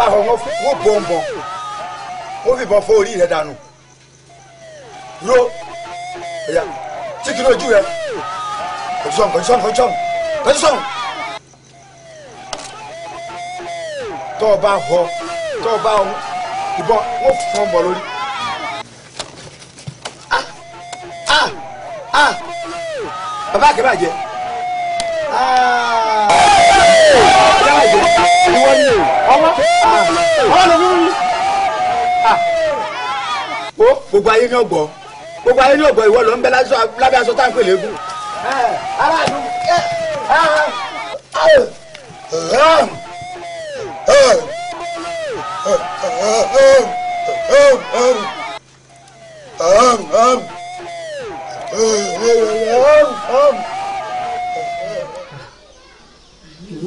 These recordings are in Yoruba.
bá họ wọn gbọ̀ngbọ̀n wọ́n fìbọn fọ́ orí rẹ̀ dànù ro ẹ̀yà títí lójú rẹ̀ kọjú sọ̀hún kọjú sọ̀hún kọjú sọ̀hún kọjú sọ̀hún tọ́ ọ bá họ tọ́ ọ bá ọ ìbọn wọ́n fọ́n bọ̀ lórí. Ah, ah, ah. bàbá àkẹ́bàjẹ́ ìwọ ni o ọmọ ọmọ ló fún mi. o gbogbo ayé ní ọgbọ gbogbo ayé ní ọgbọ ìwọ ló ń bẹ lábẹ́ aṣọ tá à ń pè lẹ́gùn. aráàlú ìwọ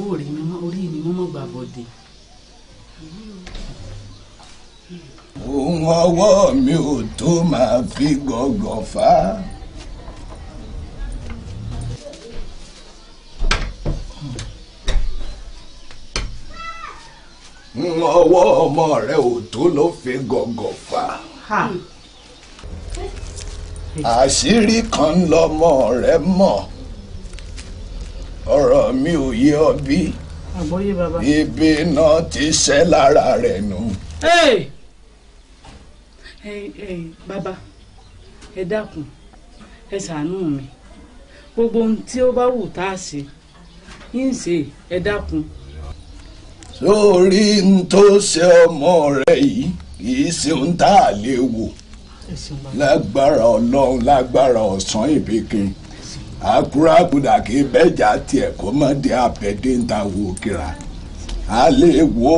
ò rí ohun ọwọ́ mi ò tó máa fi gọ̀gọ̀ fà á. ọwọ́ ọmọ rẹ ò tó ló fi gọ̀gọ̀ fà á. àṣírí kan lọmọ rẹ mọ̀ ọ̀rọ̀ mi ò yé ọ bí ibi náà ti ṣẹ́ lára rẹ̀ nù. Hey! bàbá ẹ dákun ẹ ṣàánú mi gbogbo ohun tí ó bá wù tá a ṣe yín ṣe ẹ dákun. sórí n tó ṣe ọmọ rẹ yìí kì ṣe ohun tá a lè wò lágbára ọlọ́run lágbára ọ̀sán ìbíkin àkúrákúdà kì í bẹ́jà tiẹ̀ kó má di àbẹ̀dé ń ta wo kíra a lè wo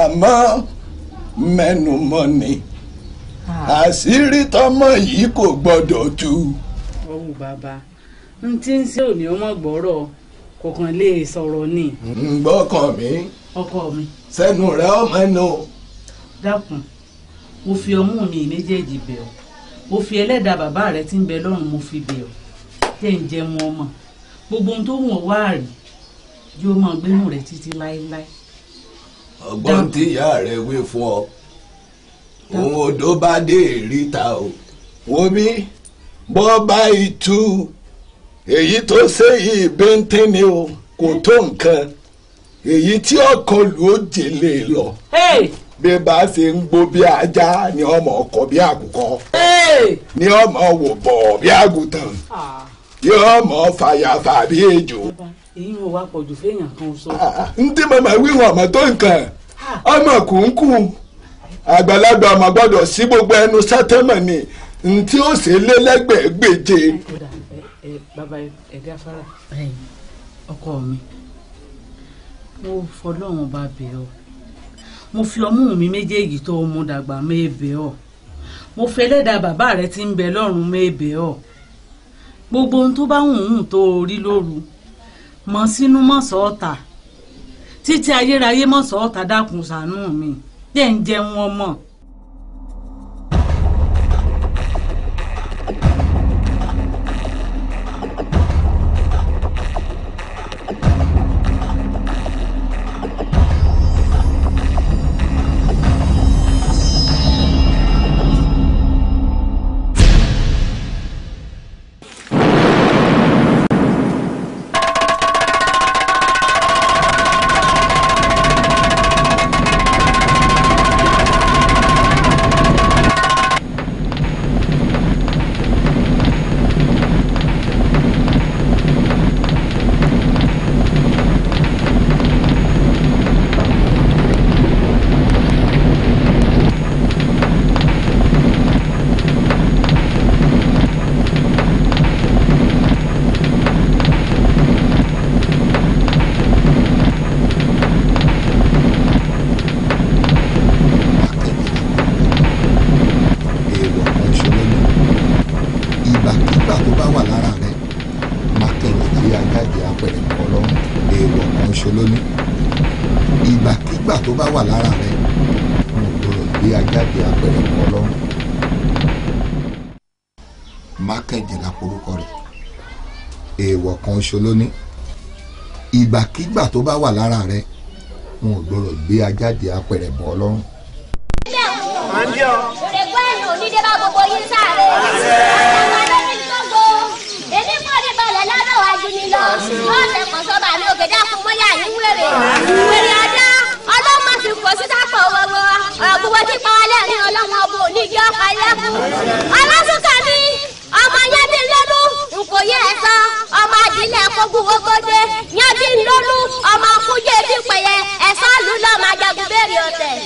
àmọ́ mẹ́nu mọ́ ni àṣírí tọmọ yìí kò gbọdọ̀ tú. ọ̀hún bàbá n tí ń ṣe òní ọmọ gbọ́rọ̀ kọ̀ọ̀kan lè sọ̀rọ̀ ni. gbọ́kàn mi. ọkọ mi. sẹ́nu rẹ ọmọ ẹnu. dákun mo fi ọmú mi méjèèjì bẹ̀ ọ́ mo fi ẹlẹ́dàá bàbá rẹ tí ń bẹ lọ́run mo fi bẹ̀ ọ́ tẹ̀ ń jẹ́ mu ọmọ gbogbo ohun tó wù ọ́ wá rí yóò máa gbénu rẹ títí láéláé. ọgbọ́n tí ìyá rẹ wí fún ọ òun odò bá dé ìríta o wọmi bọ́ bá ìtú èyí tó ṣe yìí bẹ́ńtẹ́ ni o kò tó nǹkan èyí tí ọkọ lù ó jèlè lọ bí bá ṣe ń gbó bí ajá ni ọmọ ọkọ bí àkùkọ ni ọmọ wò bọ̀ bí àgùntàn yóò ah. mọ fàyàfà bí ejò. èyí ò wá pọ̀jù fẹ́yàn kan sọ. n ah, ah, tí màmá wíwọ̀n ọmọ tó nǹkan ọmọ kùnkùn àgbàlagbà àmọ́ gbọ́dọ̀ sí gbogbo ẹnu sátẹ́mọ̀ ni ntí ó ṣe lé lẹ́gbẹ̀ẹ́ gbèje. bàbá ẹ̀dá fara ọkọ mi mo fọlọ́run bá bẹ̀ ọ́ mo fi ọmú mi méjèèjì tó mú dàgbà mẹ́ẹ̀bẹ̀ ọ́ mo fẹ́lẹ́dà bàbá rẹ ti ń bẹ lọ́rùn mẹ́ẹ̀bẹ̀ ọ́ gbogbo ohun tó bá wùn ún tó rí lóru mọ̀ sínú mọ̀ títí ayérayé mọ̀ dákun ṣàánú mi. So 电点我嘛。ṣo ló ní ìgbàkígbà tó bá wà lára rẹ wọn ò gbọ́dọ̀ gbé ajáde apẹ̀rẹ̀ bọ́ lọ́rùn. ọlọ́mọ ti pọ̀ síta pọ̀ wọ́wọ́ ọ̀gbọ́n ti pa ọlẹ́rìn ọlọ́mọ ọbọ̀ oníjọ́ ayẹ́kù ọ ogun ogóje yanbi lólu ọmọ kújẹ bí pẹyẹ ẹsọ lù lọmọ ajagun bẹ̀rẹ̀ ọ̀tẹ̀.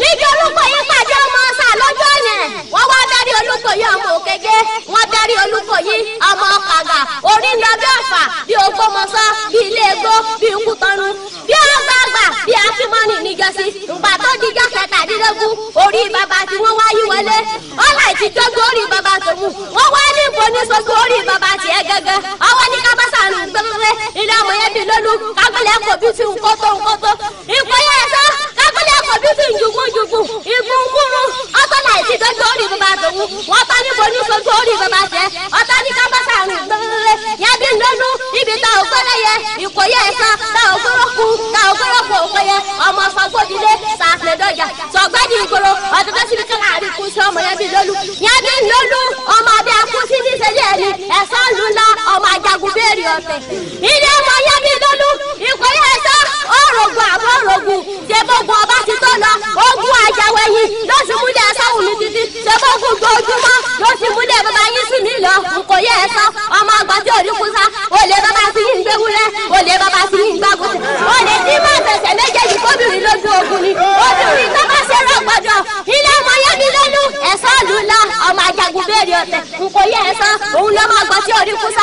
níjọ olùkọ́ yìí pàdé ọmọ ọsà lójú ọ̀nà wọ́n wá bẹ́rí olùkọ́ yìí ọmọ òkèké wọ́n bẹ́rí olùkọ́ yìí ọmọ kàgà orí ń lọ bí ọ̀fà bí ògbómọ̀ṣọ́ bí ilé egbò bí nkútọ́nu bí ọgbàgbà bí akímọ́nì níjọsí ìgbà tó dijọ́ kẹtàdínlógún orí bàbá tí wọ́n wáyé wọlé ọ̀là ìtìjọ́gbó orí bàbá tòun wọ́n wá ní ìbò lọ́dún kágbélé kò bí ti nkótó nkótó ìpẹ́yẹ ẹ̀sọ́ kágbélé kò bí ti njùgúnjùgún náà ti dojú orí bàbá tòun wọ́n ta ní bo ní sojú orí bàbá tẹ ọ̀tá ní kábàtà rẹ̀ yẹn bí lọ́dún ibi tá ò gbẹ́rẹ́ yẹ ìkòyẹ ẹ̀sọ́ tá ò gbẹ́rọ́ kú tá ò gbẹ́rọ́ kú òkòyẹ ọmọ sọgbódilé sàfẹ́dọ́jà sọgbẹ́dì ìgboro ọ̀tẹ́fẹ́sibí kálá bí lọ́lú yẹn bí lọ́lú ọmọ abẹ́ akúsí ní sẹ́yẹ́ ọmọ ajagun béèrè ọ̀tẹ̀ ilé ọmọ yẹ àwẹ̀ yìí yóò sì múlẹ̀ sáwù mi títí ṣẹ̀fọ́ fún ojoojúmọ́ yóò sì múlẹ̀ bàbá yín sí mi lọ nkò yẹ ẹ ọmọ àgbà tí òní kú sá olè bàbá sí yín gbéwúrẹ́ olè bàbá sí yín gbàgùn olè tí má fẹsẹ̀ méjèèjì kóbìnrin lójú ogun ni obìnrin tó bá ṣe rọ ilé ọmọ yẹn mi lónú ẹ̀sọ́ lù lọ ọmọ àjàgùn béèrè ọ̀tẹ̀ nkò yẹ ẹ òun lọ́mọ àgbà tí òní kú sá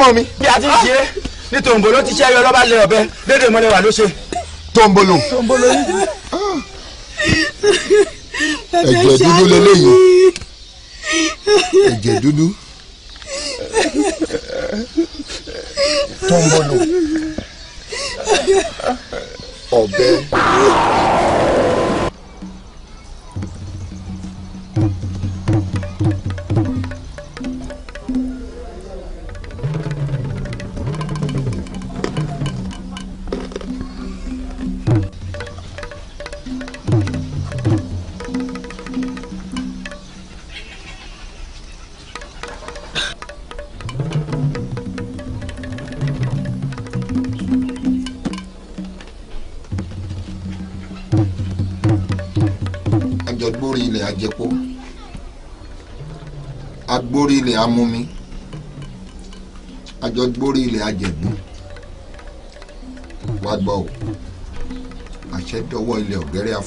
ọmọ mi. bí a ti ń ṣe é ní tòǹbòló ti ṣe ẹyọ lọ́ba lẹ ọ̀bẹ lédè mọ́lẹ̀ wà ló ṣe. tòǹbòló. tòǹbòló yìí. ẹ̀jẹ̀ dúdú lélẹ́yìn.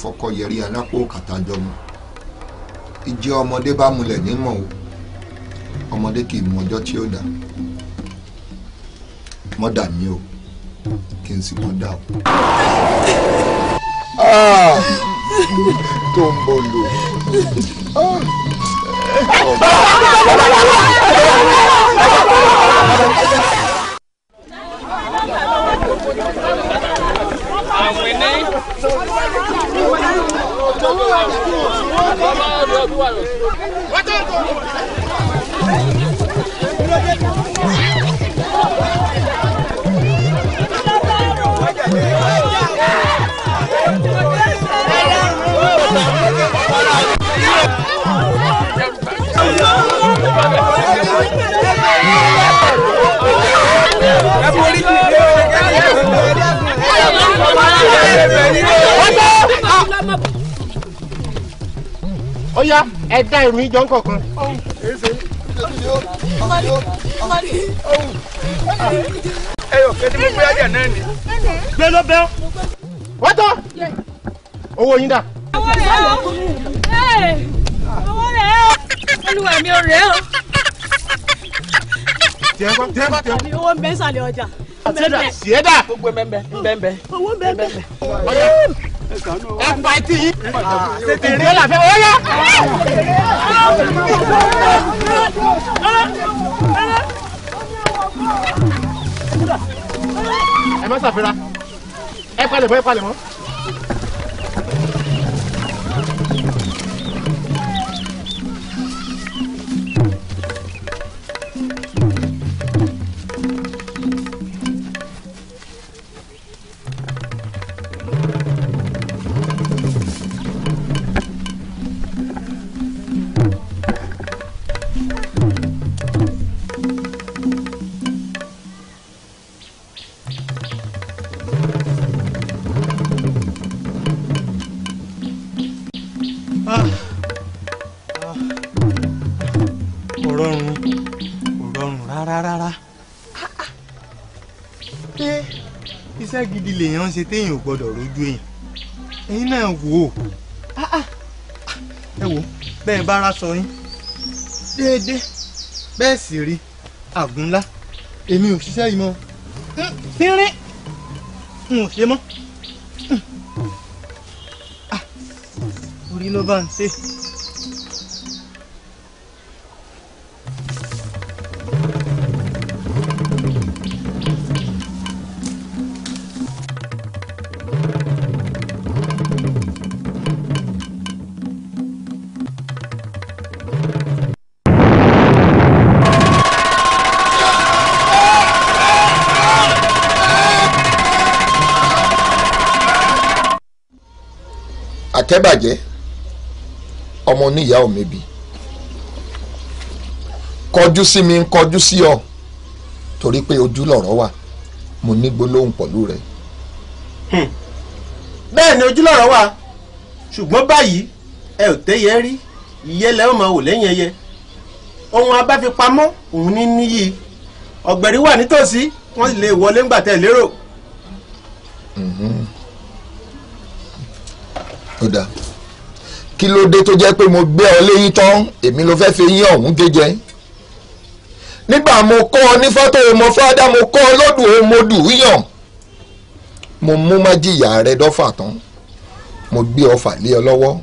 fọkọyẹrí alápò kàtàjọmọ ìjẹ ọmọdé bá mulẹ̀ nímọ̀ o ọmọdé kì í mọ ọjọ́ tí ó dà mọ́dà mi o kí n sì mọ́dà o. Ah! tó ń bọ̀ lò. Ah! ó yá ẹ dá irun ìjọ owó yín dà. owó rẹ̀ ọ́ owó rẹ̀ ọ́ olúwa mi ò rẹ̀ ọ́. tiẹ̀ bá tiẹ̀ bá. owó ń bẹ́ sàlẹ̀ ọjà sẹ́dà sẹ́dà gbogbo mẹ́mbẹ́ mẹ́mbẹ́ owó mẹ́mbẹ́ ọ̀yọ́ ẹ pa etí yìí tètè rí ọ̀là fẹ́ ọ̀yọ́. ẹ má ṣàfihàn ẹ palẹ̀ mọ́ ẹ palẹ̀ mọ́. ń ṣe téèyàn ò gbọ́dọ̀ rójú èèyàn ẹ̀yin náà wò ó ah, ah. ẹ wò bẹ́ẹ̀ bá ara sọ yín déédéé bẹ́ẹ̀ sì rí àgúnlá èmi ò ṣiṣẹ́ yìí mọ́ fínrín hmm, n ò ṣe mọ́ hmm. ah, orí ló bá ń ṣe. àtẹ́bàjẹ́ ọmọ oníyà òmìnbí kọjú sí mi ń kọjú sí ọ torí pé ojú lọ̀rọ̀ wà mo ní gbólóhùn pẹ̀lú rẹ. Hmm. bẹ́ẹ̀ ni ojú lọ̀rọ̀ wà ṣùgbọ́n báyìí ẹ ò tẹ́yẹ rí ìyẹ́lẹ̀ ọmọ wò lẹ́yìn ẹyẹ ohun abáfipamọ́ òun ní níyì ọ̀gbẹ̀rì wà nítòsí wọ́n lè wọlé ńgbà tẹ̀ lérò. kí ló dé tó jẹ́ pé mo gbé ọ léyìn tán èmi ló fẹ́ẹ́ fi yín ọ̀hún gé jẹ nígbà mo kọ́ ọ ní fọ́tò mo fádá mo kọ́ ọ lọ́dún òun mo dùn yàn mo mú májìyà rẹ dọ́fà tán mo gbé ọfà lé ọ lọ́wọ́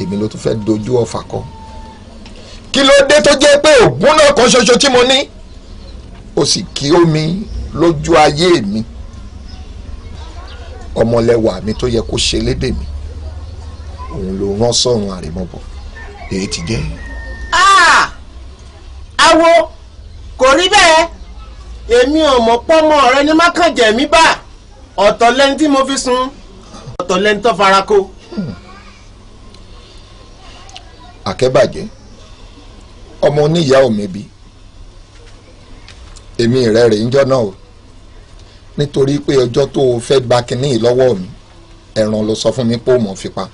èmi ló tún fẹ́ dojú ọfà kọ kí ló dé tó jẹ́ pé ògùn náà kan ṣoṣo tí mo ní o sì kí omi lójú ayé mi ọmọlẹ́wà mi tó yẹ kó ṣe lédè mi òun ló rán sọ́run àrèmọ́bọ̀ èyí ti jẹ́. àwo ah! kò rí bẹ́ẹ̀ èmi ò mọ̀ pọ́nmọ́ ọ̀rẹ́ ní mákànjẹ́ mi bá ọ̀tọ̀ lẹ́ni tí mo fi sun ọ̀tọ̀ lẹ́ni tó fara kó. Hmm. àkẹ́bàjẹ́ ọmọ oníyà òmẹ́bi èmi rẹ̀ rèé ń jọ́ náà o nítorí pé ọjọ́ tó o fẹ́ gba kínní lọ́wọ́ mi ẹ̀ràn ló sọ fún mi pé ó mọ̀ fipá.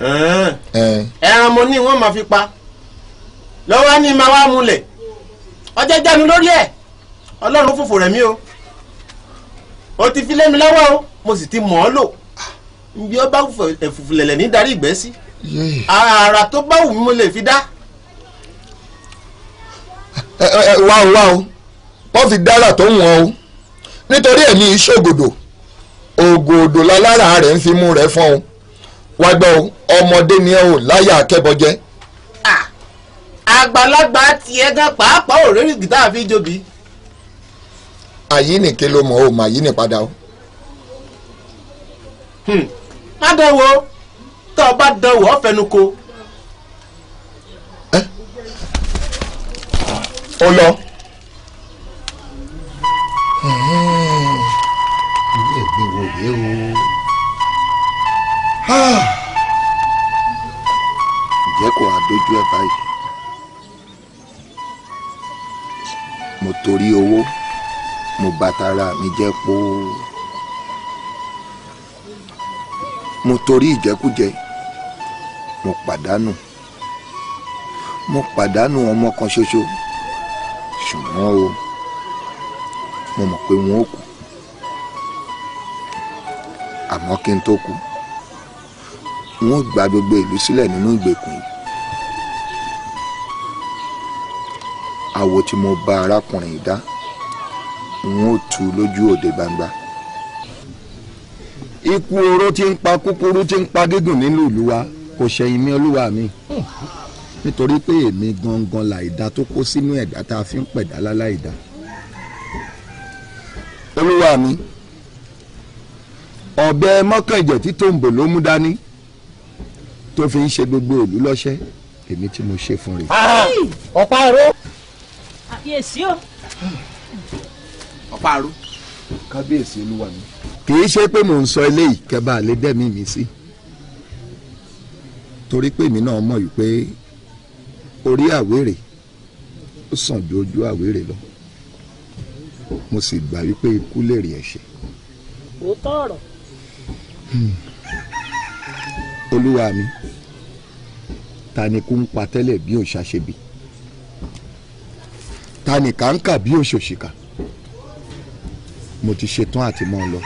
ẹran mo ní wọn máa fi pa lọ́wọ́ ní máa wá múlẹ̀ ọjọ́ jánu lórí ẹ̀ ọlọ́run fòfò rẹ̀ mí o o ti fi lé mi lọ́wọ́ o mo sì ti mọ̀ ọ́ lò bí ó bá ẹ̀fùfùlẹ̀lẹ̀ ní darí ìgbẹ́ sí ara tó bá wù mí mo lè fi dá. wá o wá o wọ́n fi dára tó wọ̀n o nítorí ẹ̀mí ìṣògòdò ògòdò lálára rẹ̀ ń fi mú rẹ̀ fọ́n o wá gbọ́ o ọmọdé ni ẹ ò láyà akẹ́bọjẹ́. àgbàlagbà tiẹ̀ gan pàápàá òrèrè gìtá fi jobi. àyínìke ló mọ̀ ọ́ mà yínì padà o. Hmm, má dánwò tó o bá dánwò ọ́ fẹnu ko. ó lọ. Hmm. ilé ìgbéwò rèé o. Ah jẹ́ kó adójú ẹ̀ báyìí mo torí owó mo bàtàrà mi jẹ́ pó mo torí ìjẹkújẹ mo pàdánù mo pàdánù ọmọ kan ṣoṣo ṣùgbọ́n o mo mọ̀ pé wọn ò kú àmọ́ kí n tó kú wọn gba gbogbo ìlú sílẹ̀ nínú ìgbèkùn yìí. àwo tí mo bá arákùnrin yìí dá n ó tu lójú òde gbangba. ikú oró tí ń pa kúkúrú tí ń pa gígùn nínú ìlú wa kò ṣẹ̀yìn mi olúwa mi nítorí pé èmi gangan làìda tó kó sínú ẹ̀dá tá a fi ń pẹ̀dá láláìda. olúwa mi ọ̀bẹ mọ́kànjẹ̀ tí ló mú dání tó fi ń ṣe gbogbo ìlú lọ́ṣẹ́ èmi tí mo ṣe fún rẹ̀. Ah, ah. ọ̀pá àrò. àbíyèsí o. ọ̀pá àrò. kábíyèsí olúwa mi. kì í ṣe pé mò ń sọ eléyìí kẹba àlẹ́ dẹ́mi mi sí torí pé èmi náà mọ̀ yìí pé orí àwérè ó sàn ju ojú àwérè lọ mo sì gbà wípé ikú lè rí ẹ̀ṣẹ̀. òótọ́ ọ̀rọ̀. Hmm. olúwa mi ta ni kú ń pa tẹ́lẹ̀ bí òòṣà ṣe bí ta ni kà ń kà bí òṣòṣìkà mo ti ṣetán àti mọ́ ọ lọ.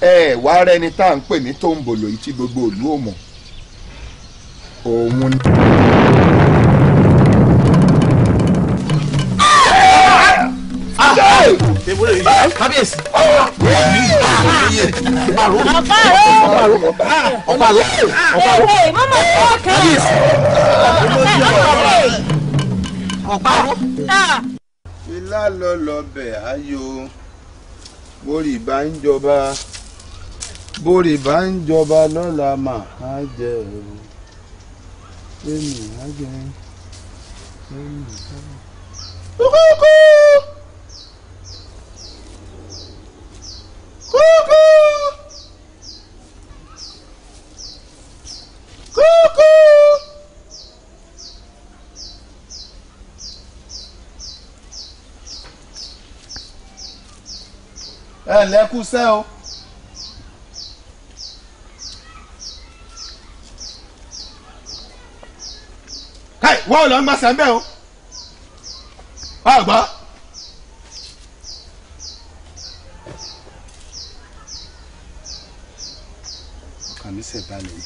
ẹ ẹ wá rẹni tá à ń pè ní tòǹbòlò yìí tí gbogbo ìlú ò mọ̀ òun ni. Ah! Ah! kábíyèsí. Ah! ọ̀pàrọ̀ ọ̀pàrọ̀ ọ̀pàrọ̀ ọ̀pàrọ̀ ẹ̀ mọ́mọ́ ọ̀pọ̀ kan ọ̀pàrọ̀ ilá lọ lọbẹ̀ ayò borí bá ń jọba borí bá ń jọba lọ́la mà á jẹ o èmi á jẹ èmi á jẹ. ẹ ǹlẹ́ kú sẹ́ o. káì wọ́n ò lọ ń bá sẹ́ńbẹ́ o. ọgbọ́n. ọkàn mi ṣe balẹ̀ ni.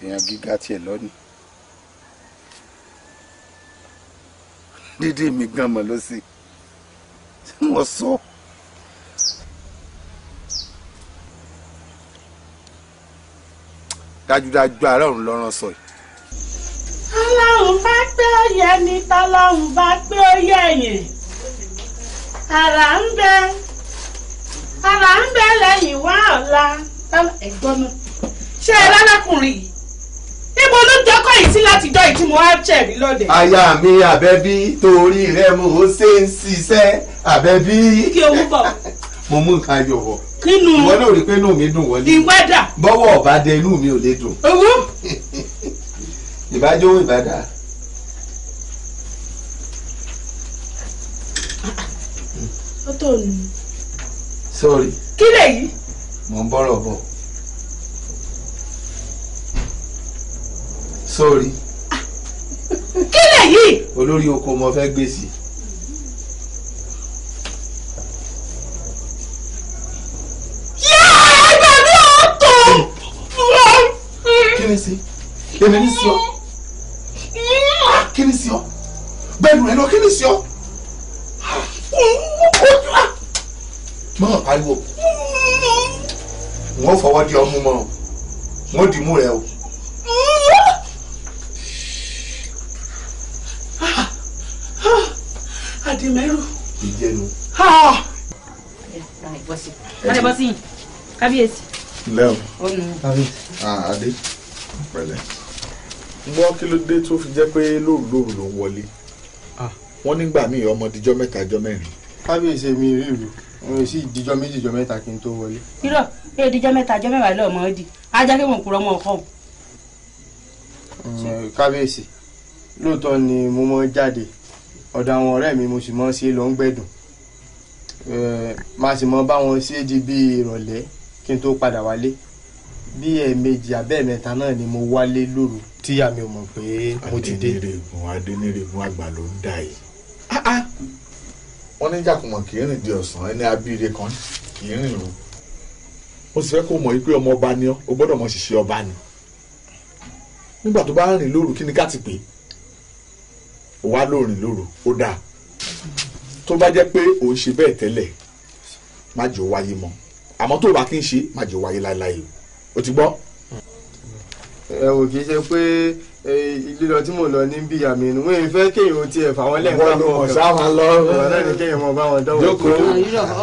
èèyàn gíga tiẹ̀ lọ́nìí dídí mi gan mọ̀ ló sì tí wọ́n sọ. dájúdájú ara òun lọ́rán sọ yìí. ọlọ́run bá pé ó yẹ ni tọ́lọ́run bá pé ó yẹ yẹn àrà ń bẹ àrà ń bẹ lẹ́yìn wá ọ̀la ẹ̀gbọ́n náà ṣé ẹ lálákùnrin yìí níbo ló jọkọ yìí sí láti jọ ìtí mo wá jẹ̀rí lóde. aya mi àbẹ́bí torí rẹ mo ò ṣe ń ṣiṣẹ́ àbẹ́bí. kí o mú bọ̀. mo mú nǹkan ayọ̀ wọ̀. kí nu ìwọ náà rí i pé inú mi dùn wọlé. ìwádà. bọ́wọ́ ọ̀bá inú mi ò lè dùn. owó. ìbádà. mọ́tò ni. sọ́ọ̀rì. kí lèyí. mo ń bọ́rọ̀ bọ̀. sọ́ọ̀rì. kí lèyí. olórí oko mo fẹ́ gbé sí i. sí èmi ní kí ni sí ọ bẹ́ẹ̀ ẹ lọ kí ni sí mọ pariwo wọn fọwọ́ di ọmú mọ wọn di mú rẹ o. àdìmẹ́rù. ìjẹnu. ọ̀rẹ́ bọ́ sí i kábíyèsí. lẹ́o pẹ̀lẹ́ gbọ́ kí ló dé tó fi jẹ́ pé lóòrùn ló ń wọlé wọ́n nígbà míì ọmọ mẹ́ta jọ mẹ́rin kábíyèsí mi rí ìlú wọn sì díjọ méjì jọ mẹ́ta kí n tó wọlé. irọ́ ẹ díjọ mẹ́ta jọ mẹ́wàá lọ́ọ́ mọ́ di ajá kí wọn kúrọ́ mọ́ ọkọ. Mm, kábíyèsí lóòótọ́ ni mo mọ jáde ọ̀dọ̀ àwọn ọ̀rẹ́ mi mo sì mọ sí lọ ń gbẹ̀dùn eh, máa sì mọ bá wọn sí di bí ìrọ̀lẹ́ kí n tó padà wálé bí ẹ̀ẹ̀mejì abẹ́ẹ̀mẹ́ta náà ni mo wálé lóru tíyà mi ò mọ̀ pé mo ti dé. adẹnirègùn adẹnirègùn àgbà ló ń dà yìí ah, ah wọ́n ní jàkùmọ̀ kì í rìn di ọ̀sán ẹni abíire kan kì í rìn o mo sì fẹ́ kó mọ̀ pé ọmọ ọba ni ọ́ o gbọ́dọ̀ mọ̀ ṣiṣẹ́ ọba ni nígbà tó bá ń rìn lóru kí ni ká ti pè ó wá lóòrìn lóru ó dáa tó bá jẹ́ pé òun ṣe bẹ́ẹ̀ tẹ́lẹ̀ má jẹ́ wáyé mọ́ àmọ́ tó o bá kí n ṣe má jẹ́ wáyé láéláé o ti gbọ́. ẹ wò kì í ṣe pé lílọ tí mò lọ ní bí àmì inú wọn fẹ́ kéèyàn ti ẹ̀ fàwọn lẹ́yìn bá wọn kàn sáà lọ wọn náà kéèyàn mọ bá wọn dánwò. jókòó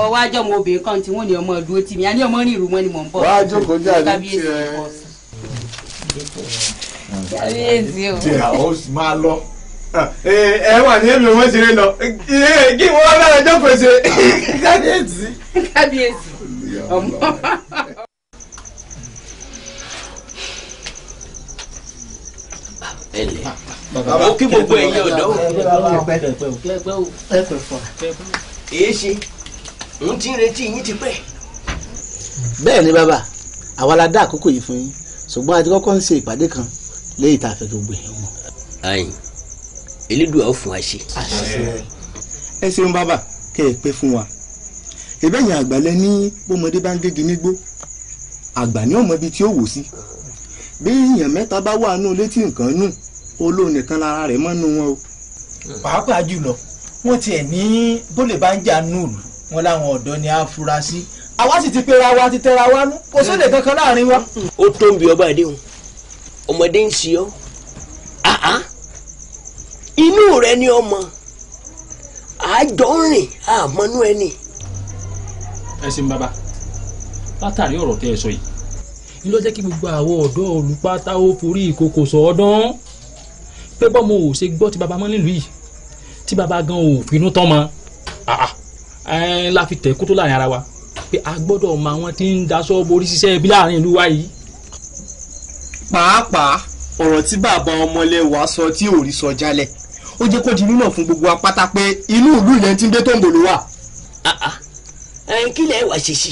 ọwọ́ ajọ́ mo obìnrin kan tí wọ́n ní ọmọ dúró tì mí a ọmọ ní ìrù mọ́ ni mò ń bọ̀. wá jókòó jáde tiẹ̀ tiẹ̀ ó máa lọ ah, ẹ wà ní èmi wọn ṣeré lọ kí wọn lára jọ pèsè kábíyèsí kábíyèsí ọmọ. ẹlẹ mo kí gbogbo ẹ̀yin ọ̀dọ́ èé ṣe n ti retí yín ti pẹ́. bẹ́ẹ̀ ni bàbá àwa la dá àkókò yìí fún yín ṣùgbọ́n a ti kọ́kọ́ ń ṣe ìpàdé kan lẹ́yìn tá a fẹ́ gbogbo ẹ̀yin mọ̀. ayin elédùá ó fún wa ṣe. ẹ ṣeun bàbá kẹ ẹ pẹ́ fún wa ìbẹ́yìn àgbàlẹ̀ ní bọ́mọdé bá ń gégi nígbó àgbà ní ọmọ ibi tí ó wò sí bí èèyàn mẹ́ta bá wà nù létí nǹkan nù olóhùn nìkan lára rẹ̀ mọ́nú wọn o. pàápàá jùlọ wọn tiẹ̀ ní bólè bá ń jà núùlù wọn láwọn ọ̀dọ́ ni àfúrásì àwa sì ti pera wa ti tẹra wa nú kò sóde kankan láàrin wa. ó tó ń bi ọba àdéhùn ọmọdé ń ṣe ọ inú rẹ ni ọmọ àjọ ń rìn àmọ́nú ẹni. ẹ ṣeun bàbá látàrí ọ̀rọ̀ tẹ́ ẹ sọ yìí ló jẹ́ kí gbogbo àwọn ọ̀dọ́ olùpátá ó forí ìkòkò sọ̀ọ́dán pé bọ́mọ ò ṣe gbọ́ ti baba mọ́ nílùú yìí tí baba gan ò finú tán mọ́ la fi tẹ̀ kótó láàrin ara wa pé a gbọ́dọ̀ mọ àwọn tí ń daṣọ borí ṣiṣẹ́ bí láàrin ìlú wa yìí. pàápàá ọ̀rọ̀ tí bàbá ọmọlẹ̀ wa sọ tí ò rí sọ jálẹ̀ ó jẹ́ kó di mímọ̀ fún gbogbo apáta pé inú ìlú yẹn ti ń dé tóńgò ló wà. kí lẹ wá ṣe sí.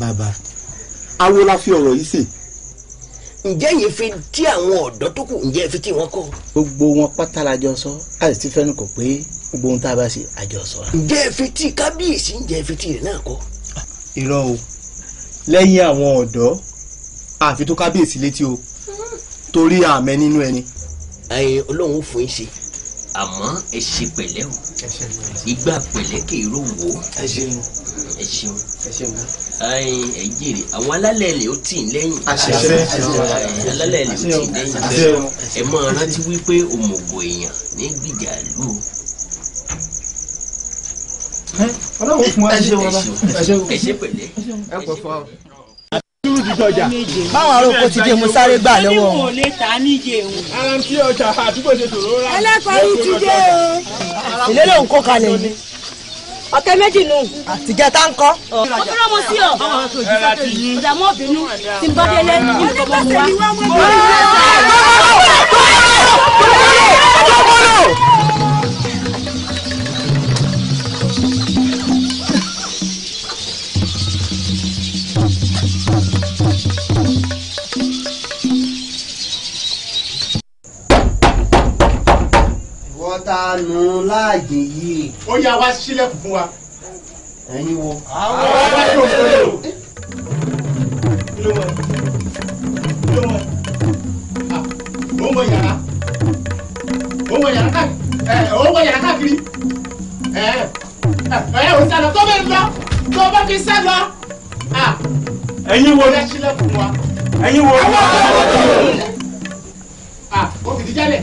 bàbá awo la fi ọ̀rọ̀ yìí sè ǹjẹ́ yìí fi tí àwọn ọ̀dọ́ tó kù ǹjẹ́ fi tí wọ́n kọ́. gbogbo wọn pátá la jọ sọ a sì ti fẹ́nu kò pé gbogbo ohun tá a bá ṣe àjọ sọ. ǹjẹ́ fi tí kábíyèsí ǹjẹ́ fi tí rẹ̀ náà kọ́. irọ́ o lẹ́yìn àwọn ọ̀dọ́ àfi tó kábíyèsí létí o mm-hmm. torí àmẹ́ nínú ẹni. ẹyin olóhùn fún yín ṣe àmọ́ ẹ ṣe pẹ̀lẹ́ o ìgbà pẹ̀lẹ́ kì í rówó ẹ ṣeun ẹ ṣeun ẹ jèrè àwọn alálẹ̀ ilẹ̀ ó tì í lẹ́yìn alálẹ̀ ilẹ̀ ó tì í lẹ́yìn bẹ́ẹ̀ ẹ máa rántí wípé òmùgọ̀ èèyàn ní gbìjà lù ú ọlọ́run fún wa ẹ ṣe wọn bá ẹ ṣe pẹ̀lẹ́ ẹ pọ̀ fún wa jù ọjà. báwọn aróko ti dé mo sáré gbà lọ́wọ́. ó ní wọn ò lè ta níje òun. ara ń fi ọjà àdúgbò ṣe tòró rà. ẹlẹ́kọ̀ọ́rù ti dé o. ilé lòun kó kalẹ̀ yìí. ọ̀kẹ́ méjì nù. àtijọ́ tá ń kọ́. ọkùnrin ọmọ sí ọ. ìdààmú ọ̀bìnú ti ń bọ́délé ní ìkọ̀mọ́ wa. nu láàyè yìí. ó yá wá sílẹ̀kùn fún wa. ẹ̀yin wo. àwọn ọba yóò sọ yóò. kí ló mọ̀ kí ló mọ̀ ó mọ yàrá ó mọ yàrá káàkiri ẹ ó mọ yàrá káàkiri ẹ ẹ ò sálọ tó bẹ lọ tó bá fi sẹ lọ. ẹ̀yin wo ẹ̀yin wo ẹ̀yin wo. ó fi ti jálẹ̀.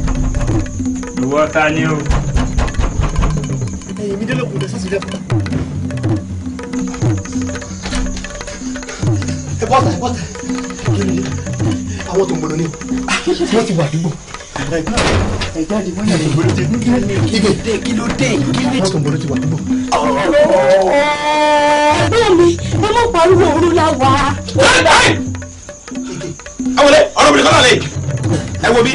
ìwọ ta ni o. ẹ̀yin mi délé kò dé sísílẹ̀ fún mi. ẹ bọ́ta ẹ bọ́ta kí ni àwọn tó ń gbọ́dọ̀ ní o wọ́n ti wà àdúgbò. ẹ̀ka àdìgbò yẹn ló ti dé kí ló dé kí ló dé. wọ́n tó ń gbọ́dọ̀ ti wà àdúgbò. ẹ̀gbọ́n mi ẹ mọ̀ pariwo òru la wà. ẹ wọlé ọ̀rọ̀ mi kọ́ lálẹ́ ẹ wo bí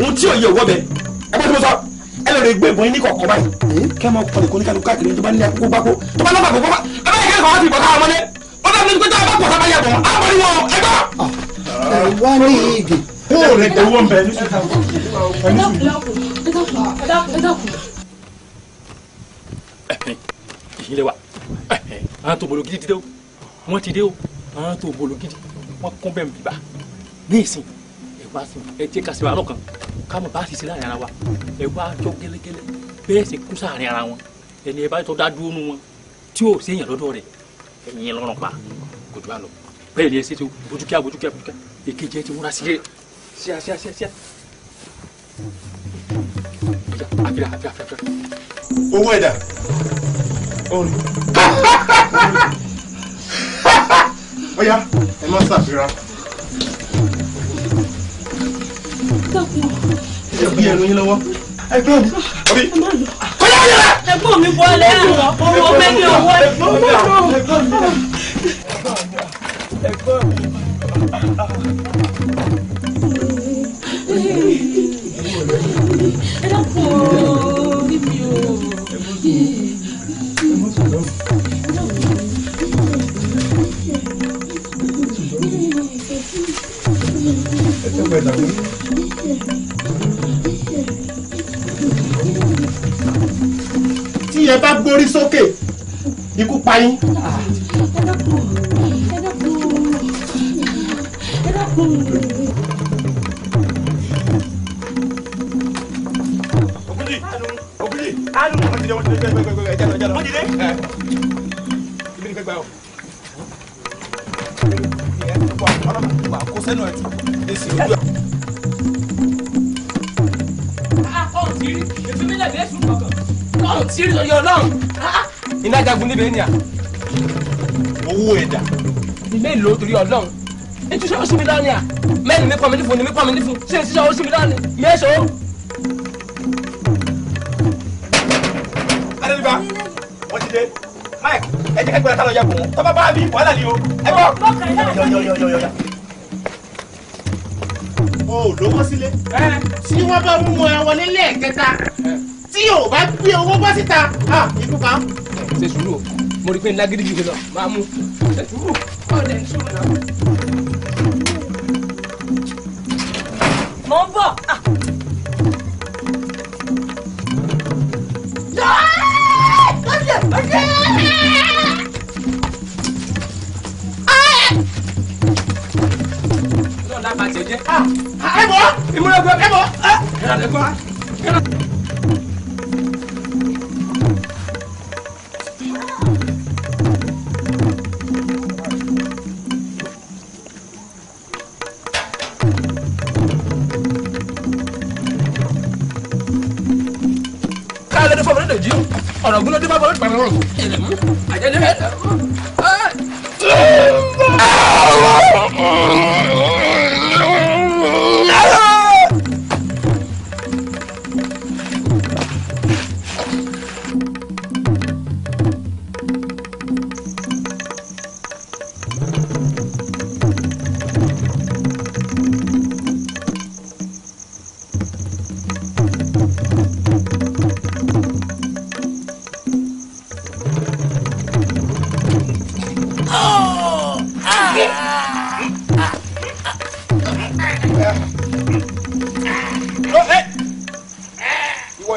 ohun tí ò yẹ òwò bẹ́ẹ̀ ẹgbẹ́ tí mo sọ ẹ lè rè gbé ìbọn yín ní kọ̀ọ̀kan báyìí kẹ́ mọ kọ́ni kọ́ni kálukú káàkiri tó bá ní àkókò bá kó tó bá lọ́mọ àkókò bá ẹ bá yẹ kẹ́kọ̀ọ́ wá sí ìbọn káwọn mọ́lé ó dàbí pé tá a bá pọ̀ tá a bá yàgbọ̀n á bọ̀ ní wọn ẹgbẹ́. ẹ wá ní ìgè. ó rè owó ń bẹ ní sùn. ìyílẹ̀ wa àwọn tó bolo gidi ti dé o wọ́n ti dé o àwọn tó bolo gidi wọ́n kún bẹ́ẹ̀ bíbá ní ìsìn ìfipá sí ẹ jẹ́ ká ṣe wàhálà kan káwọn bá ṣiṣẹ́ láàrin ara wa ẹ wá jọ gẹ́lẹ́gẹ́lẹ́ bẹ́ẹ̀ ṣe kú sáàrin ara wọn ẹni ẹ bá tó dá dúró nu wọn tí ò séèyàn lọ́dọ̀ rẹ̀ ẹ̀yìn lọ́rùn pa kò dùn àlọ́ bẹ́ẹ̀ ni ẹ ṣe tó bójúkíá bójúkíá bójúkíá èkejì ẹ ti múra sílẹ̀ síá síá síá síá. àfihàn àfihàn àfihàn. owó ẹ̀dá ọ̀run. ó yá ẹ má ṣàfihàn. ẹ gbé ẹnu yín lọ́wọ́ ẹ̀gbọ́n mi ọbí kọjá mi lọ. ẹ̀gbọ́n mi bọ́ lẹ ọwọ́ mẹni ọwọ́ ẹ̀gbọ́n mi ẹ̀gbọ́n mi ẹ̀gbọ́n mi. ẹ dàpọ̀ bíbí o. Thank you. yẹn bá gbórí sókè ikú pa yín. Ah. níbẹ̀ ni à owó ẹ̀dà ní mélòó torí ọlọ́run ètò ìṣòro sí mi lọ́ni à mẹ́rin mi pọ̀ mi nífun ni mi pọ̀ mi nífun ṣé èsì ìṣòro sí mi lọ́ni mẹ́sàn-án. adébíbá wọ́n ti dé mike ẹ jẹ́ kẹ́gbẹ́ra tálọ́ yàgò wọn tọ́ba bá mi wàhálà ni o ẹ bọ̀ yọ̀yọ̀yọ̀yọ̀yọ̀ o lówó sílé tí wọ́n bá mú ẹ wọlé lẹ́ẹ̀kẹta tí o bá gbé owó bọ́ síta ikú kan ṣe sùúrù mo rí i pé ńlá gidi lọ máa mú ṣe sùúrù kó o dẹ̀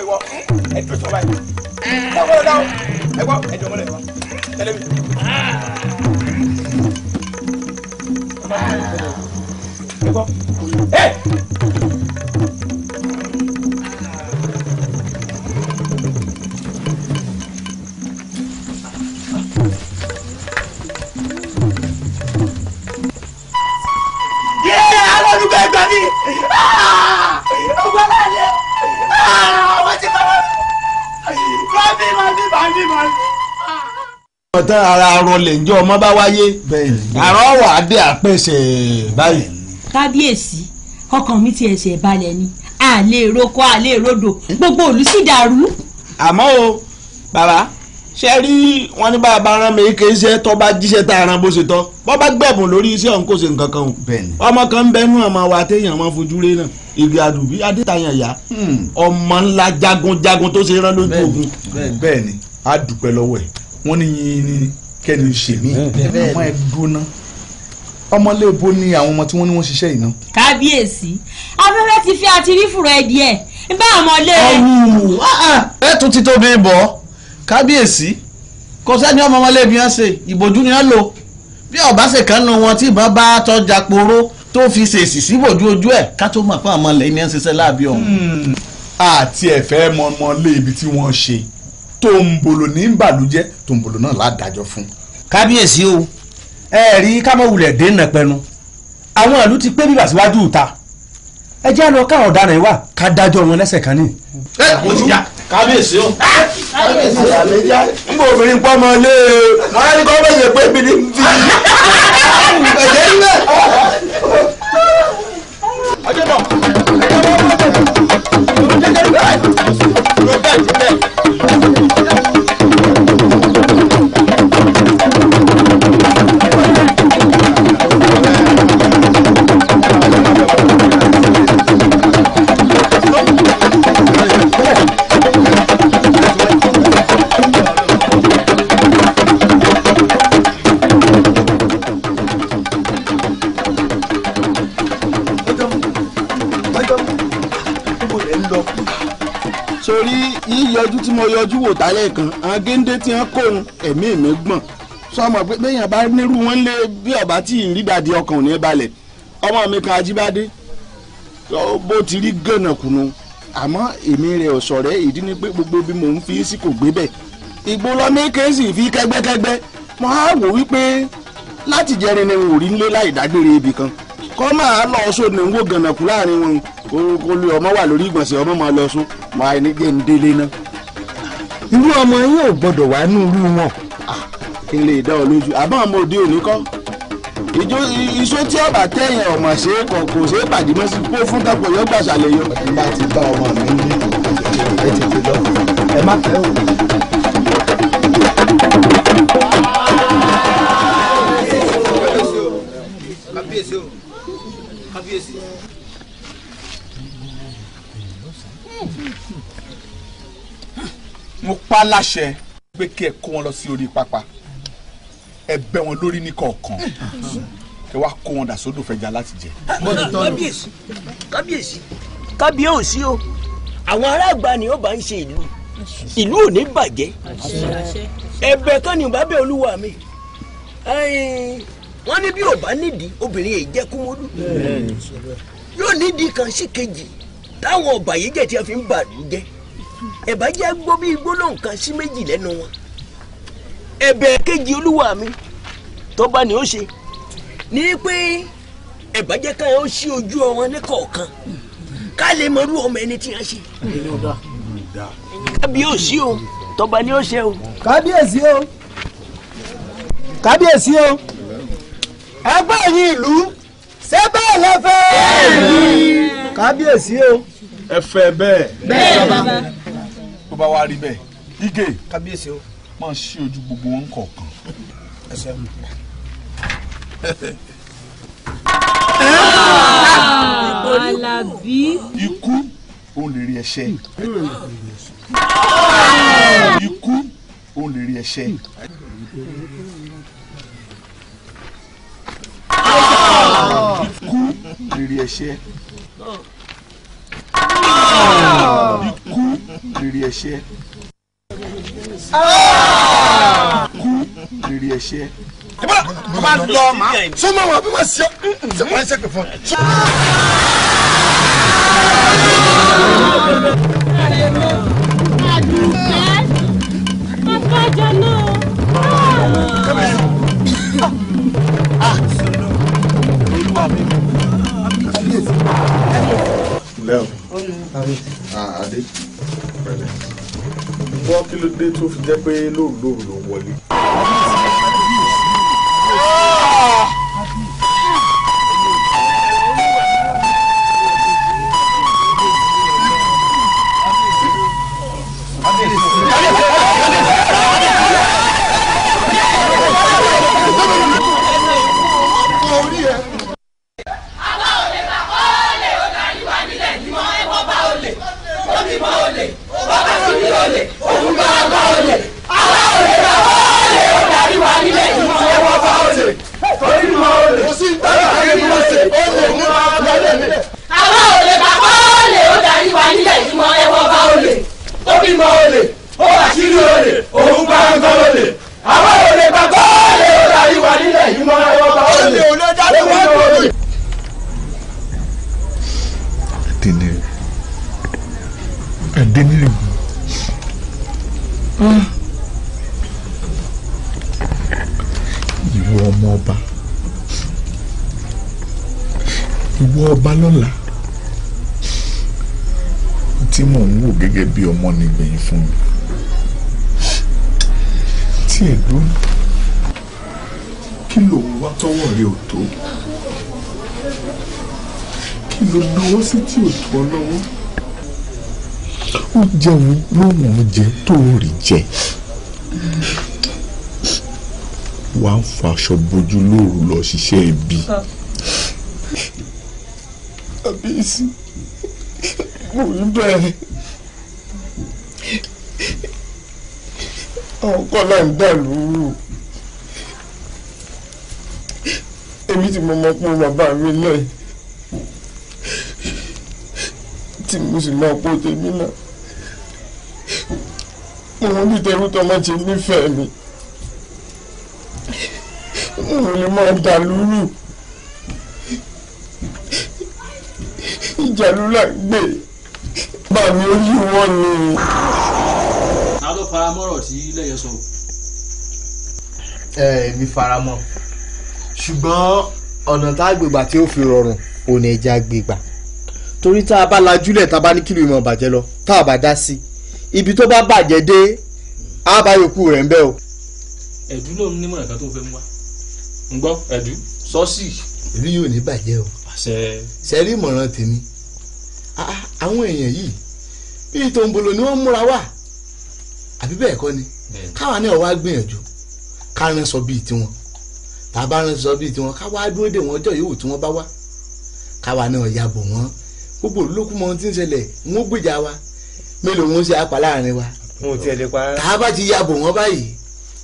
wọ ẹ tó sọba yìí kó wọlé dáwọ ẹ gbọ́ ẹ jọmọlẹ wa tẹlẹ mi. ẹ gbọ́ ẹ. tán ara rọlẹ̀ ǹjẹ́ ọmọ bá wáyé àrọ́ wà á dé àpẹ̀sẹ̀ báyìí. kábíyèsí ọkàn mi ti ẹsẹ̀ balẹ̀ ni àlè roko àlè rodò gbogbo ìlú àmọ́ o bàbá ṣe rí wọn ní bàbá rán mi kì í ṣe tọ́ bá jíṣẹ́ tá a rán bó ṣe tọ́ bọ́ bá gbẹ̀bùn lórí iṣẹ́ òun kò ṣe nǹkan kan o ọmọ kan ń bẹnu ọmọ wa téèyàn máa fojú rí náà ìrì àdùbí adétayàn yá hmm. ọmọ ńlá jagunjagun tó ṣe rán lójú ogun. bẹ́ẹ̀ni a dúpẹ́ lọ́wọ́ ẹ wọ́n ní kẹ́ni ṣe mí àmọ́ ẹ gbóná ọmọléèbó ni àwọn ọmọ tí wọ́n ní wọ́n ṣiṣẹ́ iná. kábíyèsí afẹ́fẹ́ ti fi àti rí fùrọ̀ ẹ̀ díẹ̀ bá ọmọlé. ọ̀hún ah, ah. ẹ tún ti tóbi bọ̀ kábíyèsí kò sẹ́ni ọmọ ọmọléèbí wọn ṣe ìbòjú ni wọ́n lò bí ọba ṣe kan nu wọn tí ìbọn bá tọ́jà poró tó fi ṣèṣì síbòjú ojú ẹ̀ ká tó mọ̀ pé ọmọlẹ̀ ni ẹ̀ ń ṣiṣẹ́ láàbí ọ̀hún. Hmm. àti ẹ̀fẹ́ mọ́mọ́lé ibi tí wọ́n ṣe tòǹbòlò ní ń bàlújẹ́ tòǹbòlò náà ládàjọ́ fún. kábíyèsí o ẹ rí kámọ́wulẹ̀ dènà pẹnu àwọn ìlú ti pé bíbà síwájú ìta ẹ jẹ́ lọ káwọn ọ̀daràn yìí wà ká dájọ́ wọn lẹ́sẹ̀ kan ní. ẹ kò sí ya kábíyèsí o kábíyèsí o n bò obìnrin pọ́ ọmọ ilé e wọ́n á ní kọ́ bẹ́ẹ̀ yẹ pé ibi ni n fi ẹ̀jẹ̀ nílẹ̀. ọjọ́ bọ̀ ọjọ́ bọ̀ ọjọ́ bọ̀ ọjọ́ bọ̀ ọjọ́ bọ̀ ọjọ́ bọ̀ ọjọ́ bọ̀ yọjú tí mo yọjú wò tálẹ̀ kan àwọn géńdé tí wọ́n kó ẹ̀mí mi gbọ̀n sọmọ pé bẹ́ẹ̀ yẹn bá nírú wọn lé bí ọba tí ì rí dàdí ọkàn ò ní balẹ̀ ọmọ mi kan ajíbádé bó ti rí gànà kùnú àmọ́ èmi rẹ̀ ò sọ̀rẹ́ ìdí ni pé gbogbo bí mò ń fi sí kò gbé bẹ̀ ìgbó lọ́mí kéésì fi kẹ́gbẹ́kẹ́gbẹ́ mo á wò wípé láti jẹrin ni wò rí nílé láì dágbére ibì kan kọ́ máa lọ sóde ní wò gànà kù láàrin wọn kó lè ọmọ wà lórí ìgbọ̀nsẹ̀ ọmọ máa lọ sún máa ní gé náà irú ọmọ yín ò gbọ́dọ̀ wá ní irú wọn. Ah, kí n lè dá ọ lójú àbá ọmọ òde òní kọ́ iṣó tí ọba tẹ̀yìn ọmọ ṣe kò ṣe é pàdé mọ́ sí kó fún kápọ̀ yọgbà ṣàlẹ̀ yọ. nígbà tí bá ọmọ mi ń wá láṣẹ pé kí ẹ kó wọn lọ sí orí pápá ẹ bẹ́ wọn lórí ní kọ̀ọ̀kan kí wàá kó wọn dà sódò fẹjà láti jẹ. kábíyèsí kábíyèsí kábíyèsí o àwọn ará àgbà ni ó bá ń ṣe ìlú ìlú ò ní bàjẹ́ ẹ̀bẹ̀ kan ní bàbá olúwa mi wọ́n ní bí ò bá nídìí obìnrin yìí jẹ́ kúmọ́dú yóò nídìí kan sí kejì táwọn ọ̀bàyéjẹ́ tí a fi ń bàlú jẹ́ ẹ̀bá jẹ́ gbọ́ bí gbólóhùn kan sí méjì lẹ́nu wọn ẹ̀bẹ̀ kejì olúwa mi tọ́ba ni ó ṣe ní pé ẹ̀bá jẹ́ ká ó ṣí ojú ọmọ ní kọ̀ọ̀kan ká lè mọ irú ọmọ ẹni tí wọ́n ṣe kábíyèsí o tọ́ba ni ó ṣe o. kábíyèsí o kábíyèsí o ẹgbẹ́ yìí ìlú ṣé bẹ́ẹ̀ lẹ fẹ́ kábíyèsí o. ẹ fẹ́ bẹ́ẹ̀. bẹ́ẹ̀ bàbá bá wá rí bẹ́ẹ̀ ige kábíyèsí o máa ṣí ojú gbogbo wọn kọ̀ọ̀kan. Àlàbí. ikú òun lè rí ẹ̀ṣẹ̀ ikú òun lè rí ẹ̀ṣẹ̀. ikú lè rí ẹ̀ṣẹ̀ ikú rere ẹ̀ṣẹ̀ ikú rere ẹ̀ṣẹ̀. ìbára bá lọ màá sọmọ wọn bí wọn ṣe ṣe wọn ṣe pè fún ah, ah, ah, ah, ah, ah, ah, Ah, adé pẹ̀lẹ́ wọ́n kí ló dé tó fi jẹ́ pé lóògbé òun ló wọlé. ìgbìmọ̀ ẹ̀wọ̀n bá olè ó bímọ olè ó àṣírí olè òun bá ń gbọ́ olè àwọn olè bàbá olè ó darí wa nílẹ̀ ìgbìmọ̀ ẹ̀wọ̀n bá olè ó bímọ olè. ìwọ ọmọ ọba ìwọ ọba lọ́la tí mò ń wò gẹ́gẹ́ bí ọmọ nígbẹ̀yìn fún mi tí ẹ dúró kí lòun wá tọ́wọ́ rẹ ò tó kí ló náwó sí tí ò tó ọ lọ́wọ́ ó jẹun lóhùn oúnjẹ tó rí jẹ wàá ń faṣọ bojú lóru lọ ṣiṣẹ́ ibi àbí ìsìn mò ń bẹ̀ àwọn kọ́lá ń dà lóru èmi tí mo mọ̀ pé bàbá mi náà tí mo sì mọ̀ pé tèmi náà mo mọ̀ bí tẹrú tọmọ ti nífẹ̀ẹ́ mi mo lè máa dà lóru ìjà ló là ń gbé bàmí orí wọn ni. ta ló fara mọ́rọ̀ tí lẹ́yẹ sọ. ẹ èmi fara mọ́ ṣùgbọ́n ọ̀nà tá a gbègbà tí ó fi rọrùn ò ní ẹja gbègbà torí tá a bá lajúlẹ̀ tá a bá ní kílù ìmọ̀ bàjẹ́ lọ tá a bá dá sí i ibi tó bá bàjẹ́ dé a bá yòókù rẹ̀ ń bẹ́ o. ẹ̀dú ló nímọ̀ ẹ̀ka tó fẹ́ mú wa ń gbọ́ ẹ̀dú sọ́ọ̀sì. ìlú yóò ní bàjẹ́ o. àṣẹ. sẹ́rí ìmọ̀ràn tèmi àwọn èèyàn yìí bíi tòǹbòlò ni wọ́n múra wá àbí bẹ́ẹ̀ kọ́ ni káwa náà wá gbìyànjú ká rán sọ bíi tiwọn tá a bá rán sọ bíi tiwọn ká wá dúró dè wọ́n ọjọ́ yòówù tí wọ́n bá wá káwa náà ya bò wọ́n gbogbo olókùn mọ ohun tí ń ṣẹlẹ̀ wọ́n gbèjà wa mélòó wọn ṣe apá láàrin wa tá a bá ti ya bò wọ́n báyìí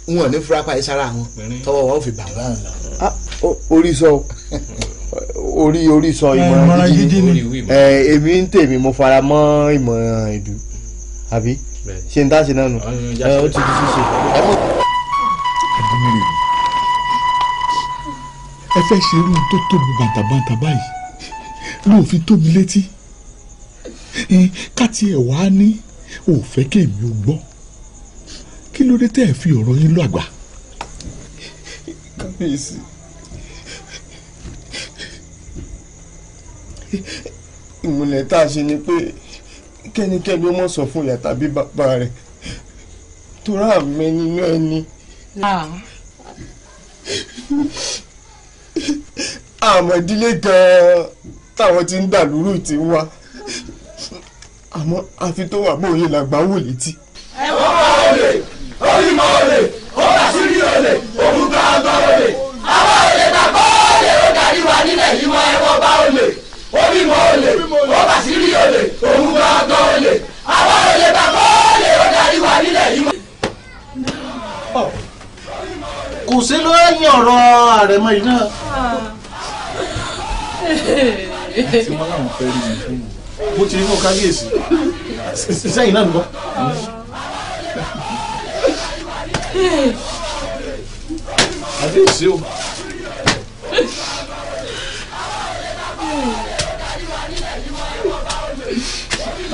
wọn ò ní furapa ìsára wọn tọwọ́ wọn ò fi bà wọ́n. Ah, orí sọ orí orí sọ eh, ìmọ̀ràn gidi ni eh, èmi ń tèmi mo fara mọ́ ìmọ̀ràn ìdú àbí ṣe ń dáṣe náà nù eh, ó ti di ṣíṣe. ẹ fẹ́ ṣe irú tó tóbi bàǹtàbàǹtà báyìí lóòfin tóbi létí káti ẹ̀ wá ní òfẹ́ kéèmí ó gbọ́ kí ló dé tẹ́ ẹ fi ọ̀rọ̀ yín lọ àgbà. kábíyèsí. ìmùlẹ̀ tá a ṣe ni pé kẹ́nikẹ́ni ó mọ̀ sọ fún ìyá tàbí bàbá rẹ̀ torá àmẹ́ nínú ẹni. àmọ́ ìdílé gan-an táwọn ti ń dà lóru ti wá àmọ́ àfi tó wà bóyá làgbà wò létí. ẹ wọ́n máa lè orí máa lè. olè òun gbọ́ngàn olè àwọn olè bàbá olè ó darí wa nílẹ̀ yìí. kò sí lóyún ọ̀rọ̀ àrẹ̀mọ yìí náà. tí wọ́n láwọn fẹ́ rí mi bó ti rí mọ́ kábíyèsí sẹ́yìn náà nìkan. kábíyèsí o.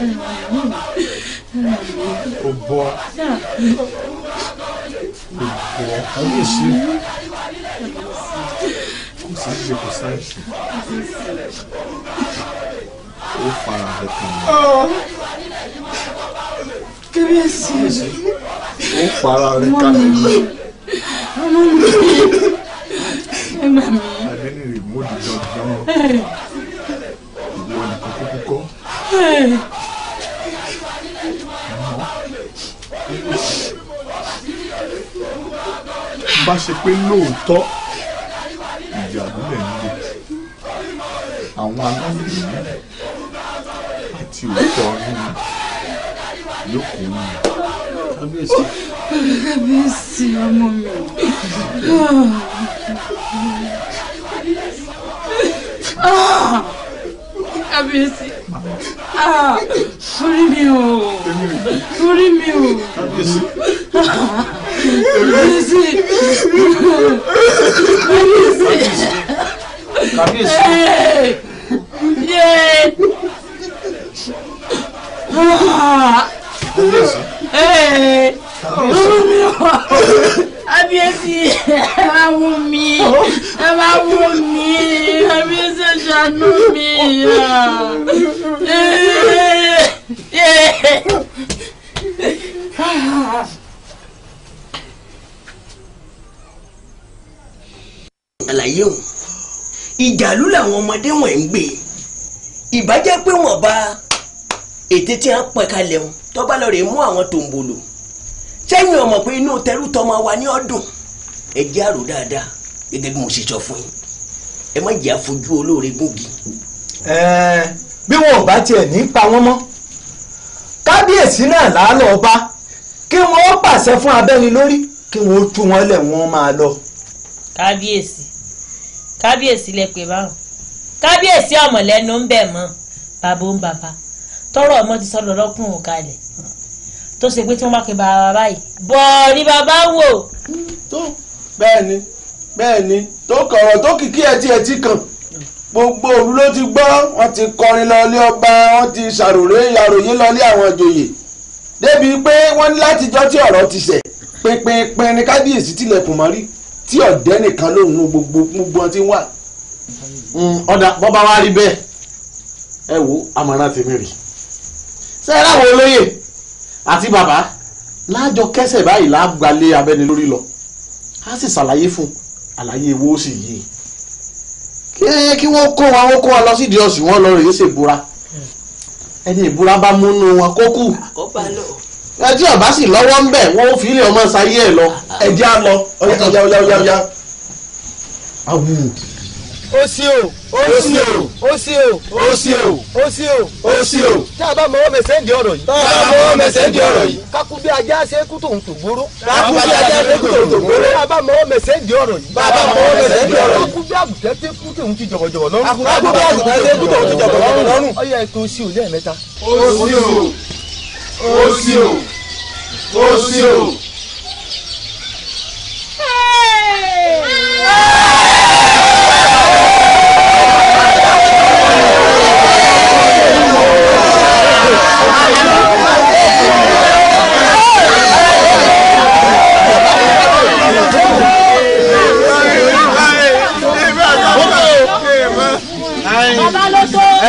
O boa. O boa. Olha isso. Como se diz circunstância? Ou fala reclamando. Oh. Que é isso? Ou fala reclamando. Mamãe. Mamãe. pé lóòótọ́ ìyá àdúlẹ̀ nílé àwọn aláìní àti òótọ́ nínú yóò kó kábíyèsí. kábíyèsí ọmọ mi. tí a pọ̀n kalẹ̀ o tọ́ba lọ rèé mú àwọn tòǹbòlò sẹ́yìn ọmọ pé inú tẹrú tọmọ wa ní ọdún ẹ jẹ́ àrò dáadáa gẹ́gẹ́ bí mo ṣe sọ fún yín ẹ má jẹ́ àfojú olóore gúngi. bí wọn ò bá tiẹ̀ ní pa wọ́n mọ́ kábíyèsí náà làálọ̀ ọba kí wọ́n pàṣẹ fún abẹ́ni lórí kí wọ́n tú wọn lẹ̀ wọ́n máa lọ. kábíyèsí kábíyèsí lẹ pè báwọn kábíyèsí ọmọlẹ́nu ń bẹ̀ mọ́ bàbá ń bàbá tọrọ ọmọ ti sọdọ lọkùnrin kalẹ̀ tó ṣe pé tí wọ́n bá pe bàbá báyìí bọ́ọ̀ ni bàbá wò. tó bẹ́ẹ̀ ni bẹ́ẹ̀ ni tó kọ̀rọ̀ tó kìkì ẹtí ẹtí kan gbogbo òru ló ti gbọ́ wọ́n ti kọrin lọ́ọ́lé ọba wọ́n ti ṣàròyé àròyé lọ́ọ́lé àwọn ìjòyè débi pé wọ́n ní látijọ́ tí ọ̀rọ̀ ti ṣẹ̀ pinpin ni kábíyèsí tilẹ̀kùn mọ́rí tí ọ̀dẹ́ nìkan lòun ní gbogbo gbogbo ti wà. Mm, ọ̀dà bọ́ba wa rí bẹ́ẹ̀ ẹ wo àmọ̀ràn tèmi rèé sẹ́yìn àwọn olóyè àti bàbá láàjọ kẹsẹ̀ báyìí láàgbálẹ̀ abẹ́ni lórí lọ á sì ṣàlàyé fún àlàyé ewu ó sì yí kí wọ́n kó wa wọ́n kó wa lọ sídìí ọ̀sùn wọn lọ rèé ṣèbúra ẹni ìbúra bá múnú wọn kó kù ẹtí ọba sì lọ́wọ́ ń bẹ̀ wọ́n fi ilé ọmọ ṣayé ẹ̀ lọ ẹ̀jẹ̀ á lọ ọ̀yá ọ̀yá ọ̀yá ọ̀yá ó sí o ó sí o ó sí o ó sí o ó sí o ó sí o. tá a bá mọ mẹsẹ̀ ń di ọ̀rọ̀ yìí. tá a bá mọ mẹsẹ̀ ń di ọ̀rọ̀ yìí. kakú bí ajá ṣe kú tòun tó gbóró. kakú bí ajá ṣe kú tòun tó gbóró. tá a bá mọ mẹsẹ̀ ń di ọ̀rọ̀ yìí. tá a bá mọ ń di ọ̀rọ̀ yìí. kakú bí àgùntàn ṣe kú tòun ti jọ̀bọ̀jọ̀bọ̀ lọ́rùn. kakú bí àgùntàn ṣe kú tòun ti jọ̀bọ̀jọ̀bọ̀ lọ́rùn. ọyọ Hey!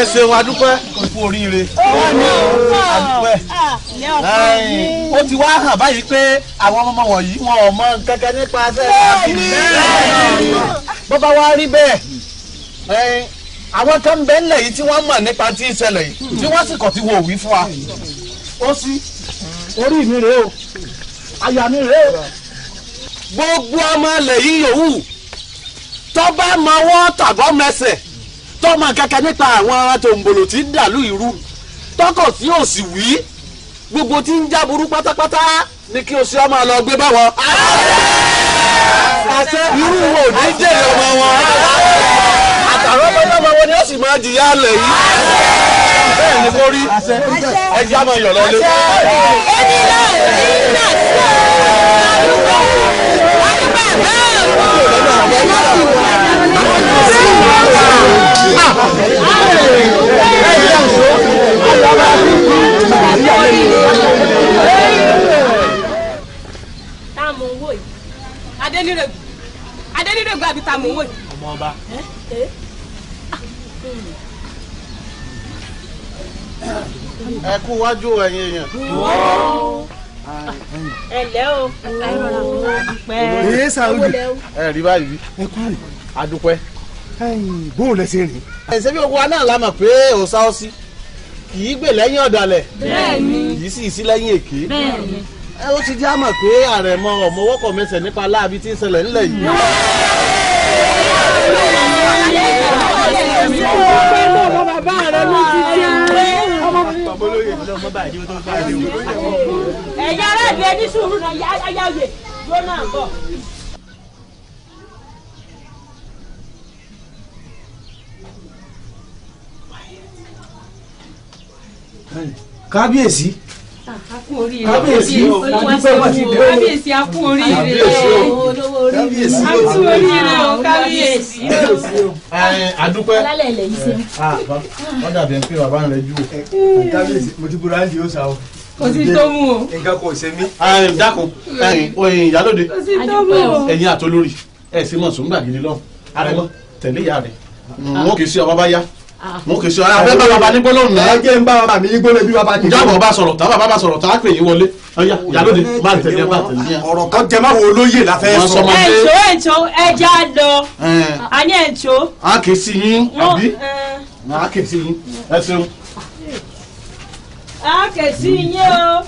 ẹ ṣeun adúpẹ́ kú oríire adúpẹ́ ó ti wá hàn báyìí pé àwọn ọmọ wọ̀nyí wọn ò mọ kankan nípa sẹ́yìn bó bá wá rí bẹ́ẹ̀ àwọn kan bẹ́ẹ̀ ńlẹ̀ yìí tí wọ́n mọ̀ nípa tí ìṣẹ̀lẹ̀ yìí tí wọ́n sì kọ̀ tí wọ́n ò wí fún wa ó sí orí mi rèé o àyà mi rèé o. gbogbo ọmọ ilẹ̀ yìí yòówù tó bá mọ wọ́n tàbọ̀ mẹsẹ̀ tọ́mọ kankan nípa àwọn ará tòǹbòlò tí ń dàlú ìrú tọkọ̀ tí ò sì wí gbogbo tí ń jáburú pátápátá ni kí o ṣe ọmọ lọ gbé bá wọn. irú wo ní jèrè ọmọ wọn. àtàwọn ọmọ wọn ni ó sì máa jìyà lẹ̀ yìí. bẹ́ẹ̀ ni kò rí ẹja máa yọ̀ lọ́lé. ẹni náà ní náà sí àdúgbò àdúgbò náà táàmù ẹ kú wájú ẹ̀yin èèyàn ẹ rọra pẹ ẹ rí báyìí ẹ kú àdúpẹ́ bóun lẹ ṣe rìn. ṣé bí gbogbo wa náà la mọ̀ pé òòsa ọsí kì í gbè lẹ́yìn ọ̀dàlẹ̀ kì í sì sí lẹ́yìn èké ó ti já mọ̀ pé àrẹ̀mọ ọ̀mọwọ́kọ̀ mẹsẹ̀ nípa láabi tí ń ṣẹlẹ̀ ńlẹ̀ yìí. ẹ̀yin aráàlú ẹni sùúrù náà ayáwó yóò náà bọ̀. kábíyèsí ah, kábíyèsí olùwàsíwò a akú oríire olówó oríire akú oríire o kábíyèsí. àdúpẹ́ alálẹ̀ ilẹ̀ yìí ṣe. Ah, wọ́n dàbí ẹni pé bàbá rẹ̀ jù o. kábíyèsí mo ti bora ẹ́ndì yóò sá o kò sí tó o. nǹkan kò ṣe mí. dákun oyin ìyálóde ẹ̀yin àtolórí ẹ̀ sì mọ̀ sùn gbàgede lọ àrẹ̀mọ tẹ̀lé ìyá rẹ̀ wọ́n kì í sí ọ bàbá yá mo kì í sọ abẹ́ bá bàbá ní gbólóhùn náà. ẹ jẹ́ ń bá bàbá mi ní gbólóhùn bí bàbá ti. jábọ̀ bá sọ̀rọ̀ tá bàbá bá sọ̀rọ̀ tá pè yín wọlé. yàlóde má tẹ̀lé má tẹ̀lé. ọ̀rọ̀ kan jẹ́ máa wo olóyè la fẹ́ sọ. ẹ̀jọ̀ ẹ̀jọ̀ ẹja lọ àní ẹ̀jọ̀. a kì í sí yín àbí a kì í sí yín ẹ ṣeun. a kì í sí yín o.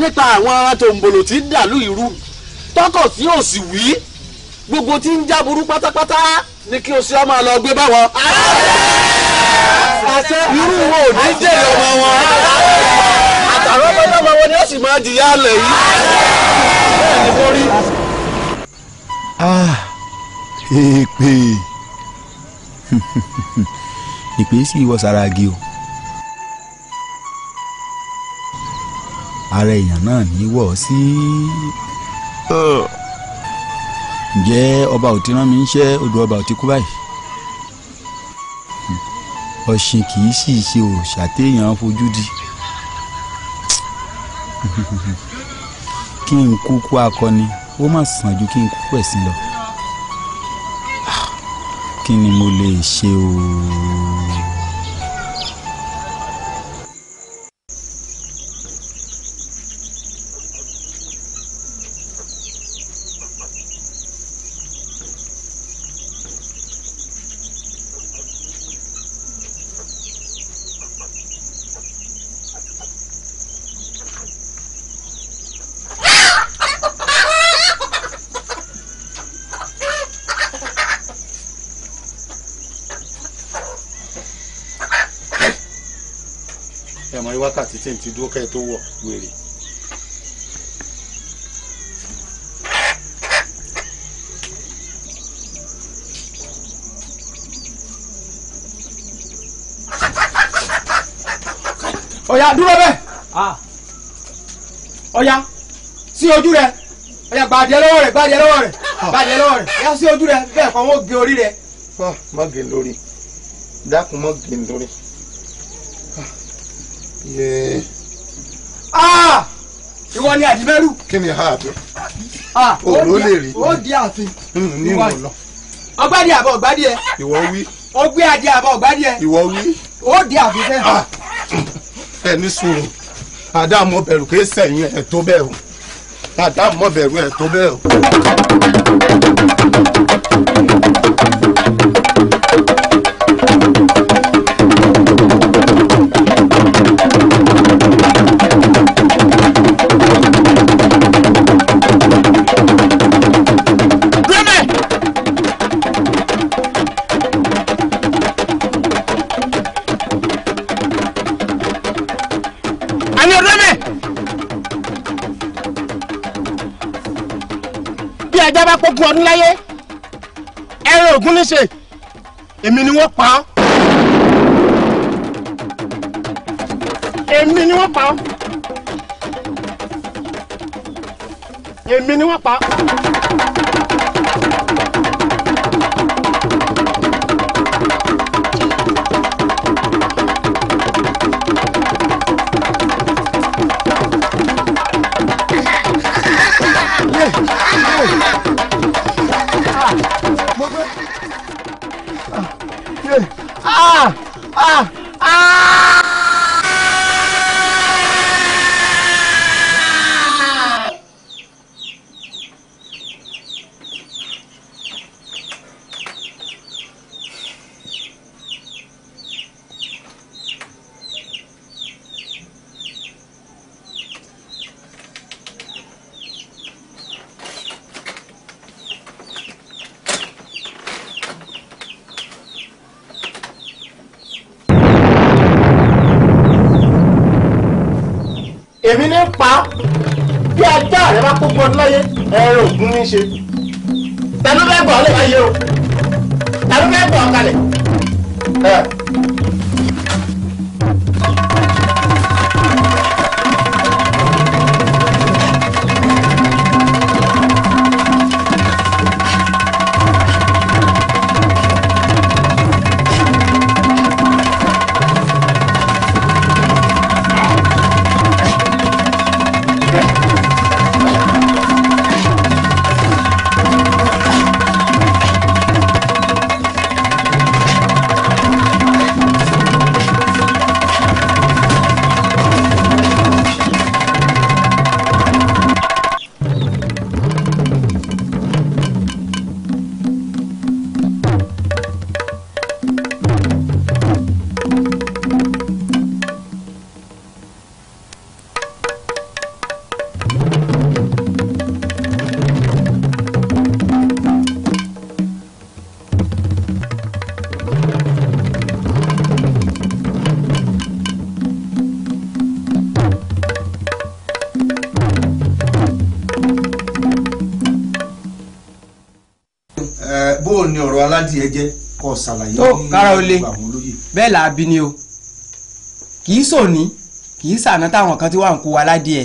nípa àwọn tòǹbòlò tí ń dàlú ìrú tọkọ̀ tí ò wí gbogbo tí ń jáburú pátápátá ni kí o ṣe ọmọ lọ gbé báwọn. irú wo ò ní ọmọ wọn. àtàwọn ọmọ náà máa wọ ni ó sì máa jìyà lẹ̀ yìí. bẹ́ẹ̀ ni mo rí. Ah, èpè èpè sì wọ sára agi o. ara èèyàn náà ní wọ̀ sí. ǹjẹ́ ọba ò ti rán mi níṣẹ́ odò ọba ò ti kú báyìí. ọ̀sìn kì í sì ṣe òòṣà téèyàn fojú di. kí n kúkú akọni ó mà sàn ju kí n kúkú ẹ̀sìn lọ. kí ni mo lè ṣe ooo. wákàtí tí n ti dúró kẹ́ ẹ tó wọ̀ wèrè. ọ̀yà dúró bẹ́ẹ̀ ah. ọ̀yà sí ojú rẹ̀ ọ̀yà gbàdé lọ́wọ́ rẹ̀ gbàdé lọ́wọ́ rẹ̀ ah. gbàdé lọ́wọ́ rẹ̀ ọ̀yà sí ojú rẹ̀ bẹ́ẹ̀ kọ́ wọ́n gé orí rẹ̀. Ah, má gé lórí dákun má gé lórí. Ah! ìwọ ni àdìmẹ́rù. kí ni ha àbí. Ah, òòlù lè rí. ó di ààfin. Hmm, ní ìwọ lọ. ọgbádìí àbọ̀ ọgbádìí ẹ. ìwọ wí. ó gbé adé àbọ̀ ọgbádìí ẹ. ìwọ wí. ó di ààfin fẹ́. Ah! ẹ ní sùúrù àdàmú bẹ̀rù kì í sẹ̀yìn ẹ̀ tó bẹ́ẹ̀ o àdàmú bẹ̀rù ẹ̀ tó bẹ́ẹ̀ o. kú ọdún láyé ẹran ògún níṣe èmi ni wọ́n pa ọ́ èmi ni wọ́n pa ọ́ èmi ni wọ́n pa ọ́. ó le bẹ́ẹ̀ là á bí ni o kì í sòní kì í sàná táwọn kan ti wà ń kó wa ládìẹ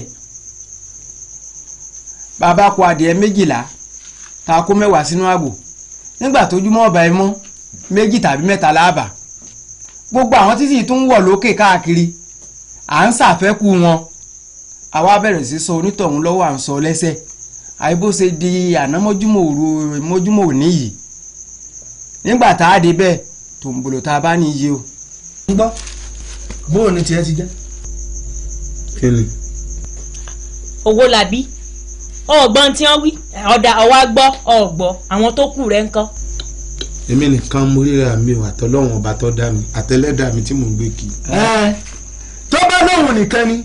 bàbá kó adìẹ méjìlá ta kó mẹ́wàá sínú àgbò nígbà tójúmọ́ ọ̀bà ẹ mọ́ méjì tàbí mẹ́ta láàbà gbogbo àwọn títí tó ń wọ̀ lókè káàkiri à ń ṣàfẹ́kù wọn àwa bẹ̀rẹ̀ sí sọ onítọ̀hún lọ́wọ́ à ń sọ lẹ́sẹ̀ àìbó ṣe di àná òru mọ́júmọ́ òní yìí nígbà tá a dé bẹ́ẹ̀ tòǹbòlò tá a bá ní iye o. ń gbọ́ bóò ni tiẹ̀ ti jẹ́. kí ni. owó la bí ọgbọ́n tí wọ́n wí ọ̀dà ọ̀wá gbọ́ ọ̀gbọ́ àwọn tó kù rẹ̀ ń kọ́. èmi nìkan mo ríra mi ò àtọ́lọ́wọ̀n ọba tó dá mi àtẹlẹ́dàá mi tí mò ń gbé kiri. tó bá lóhùn nìkan ni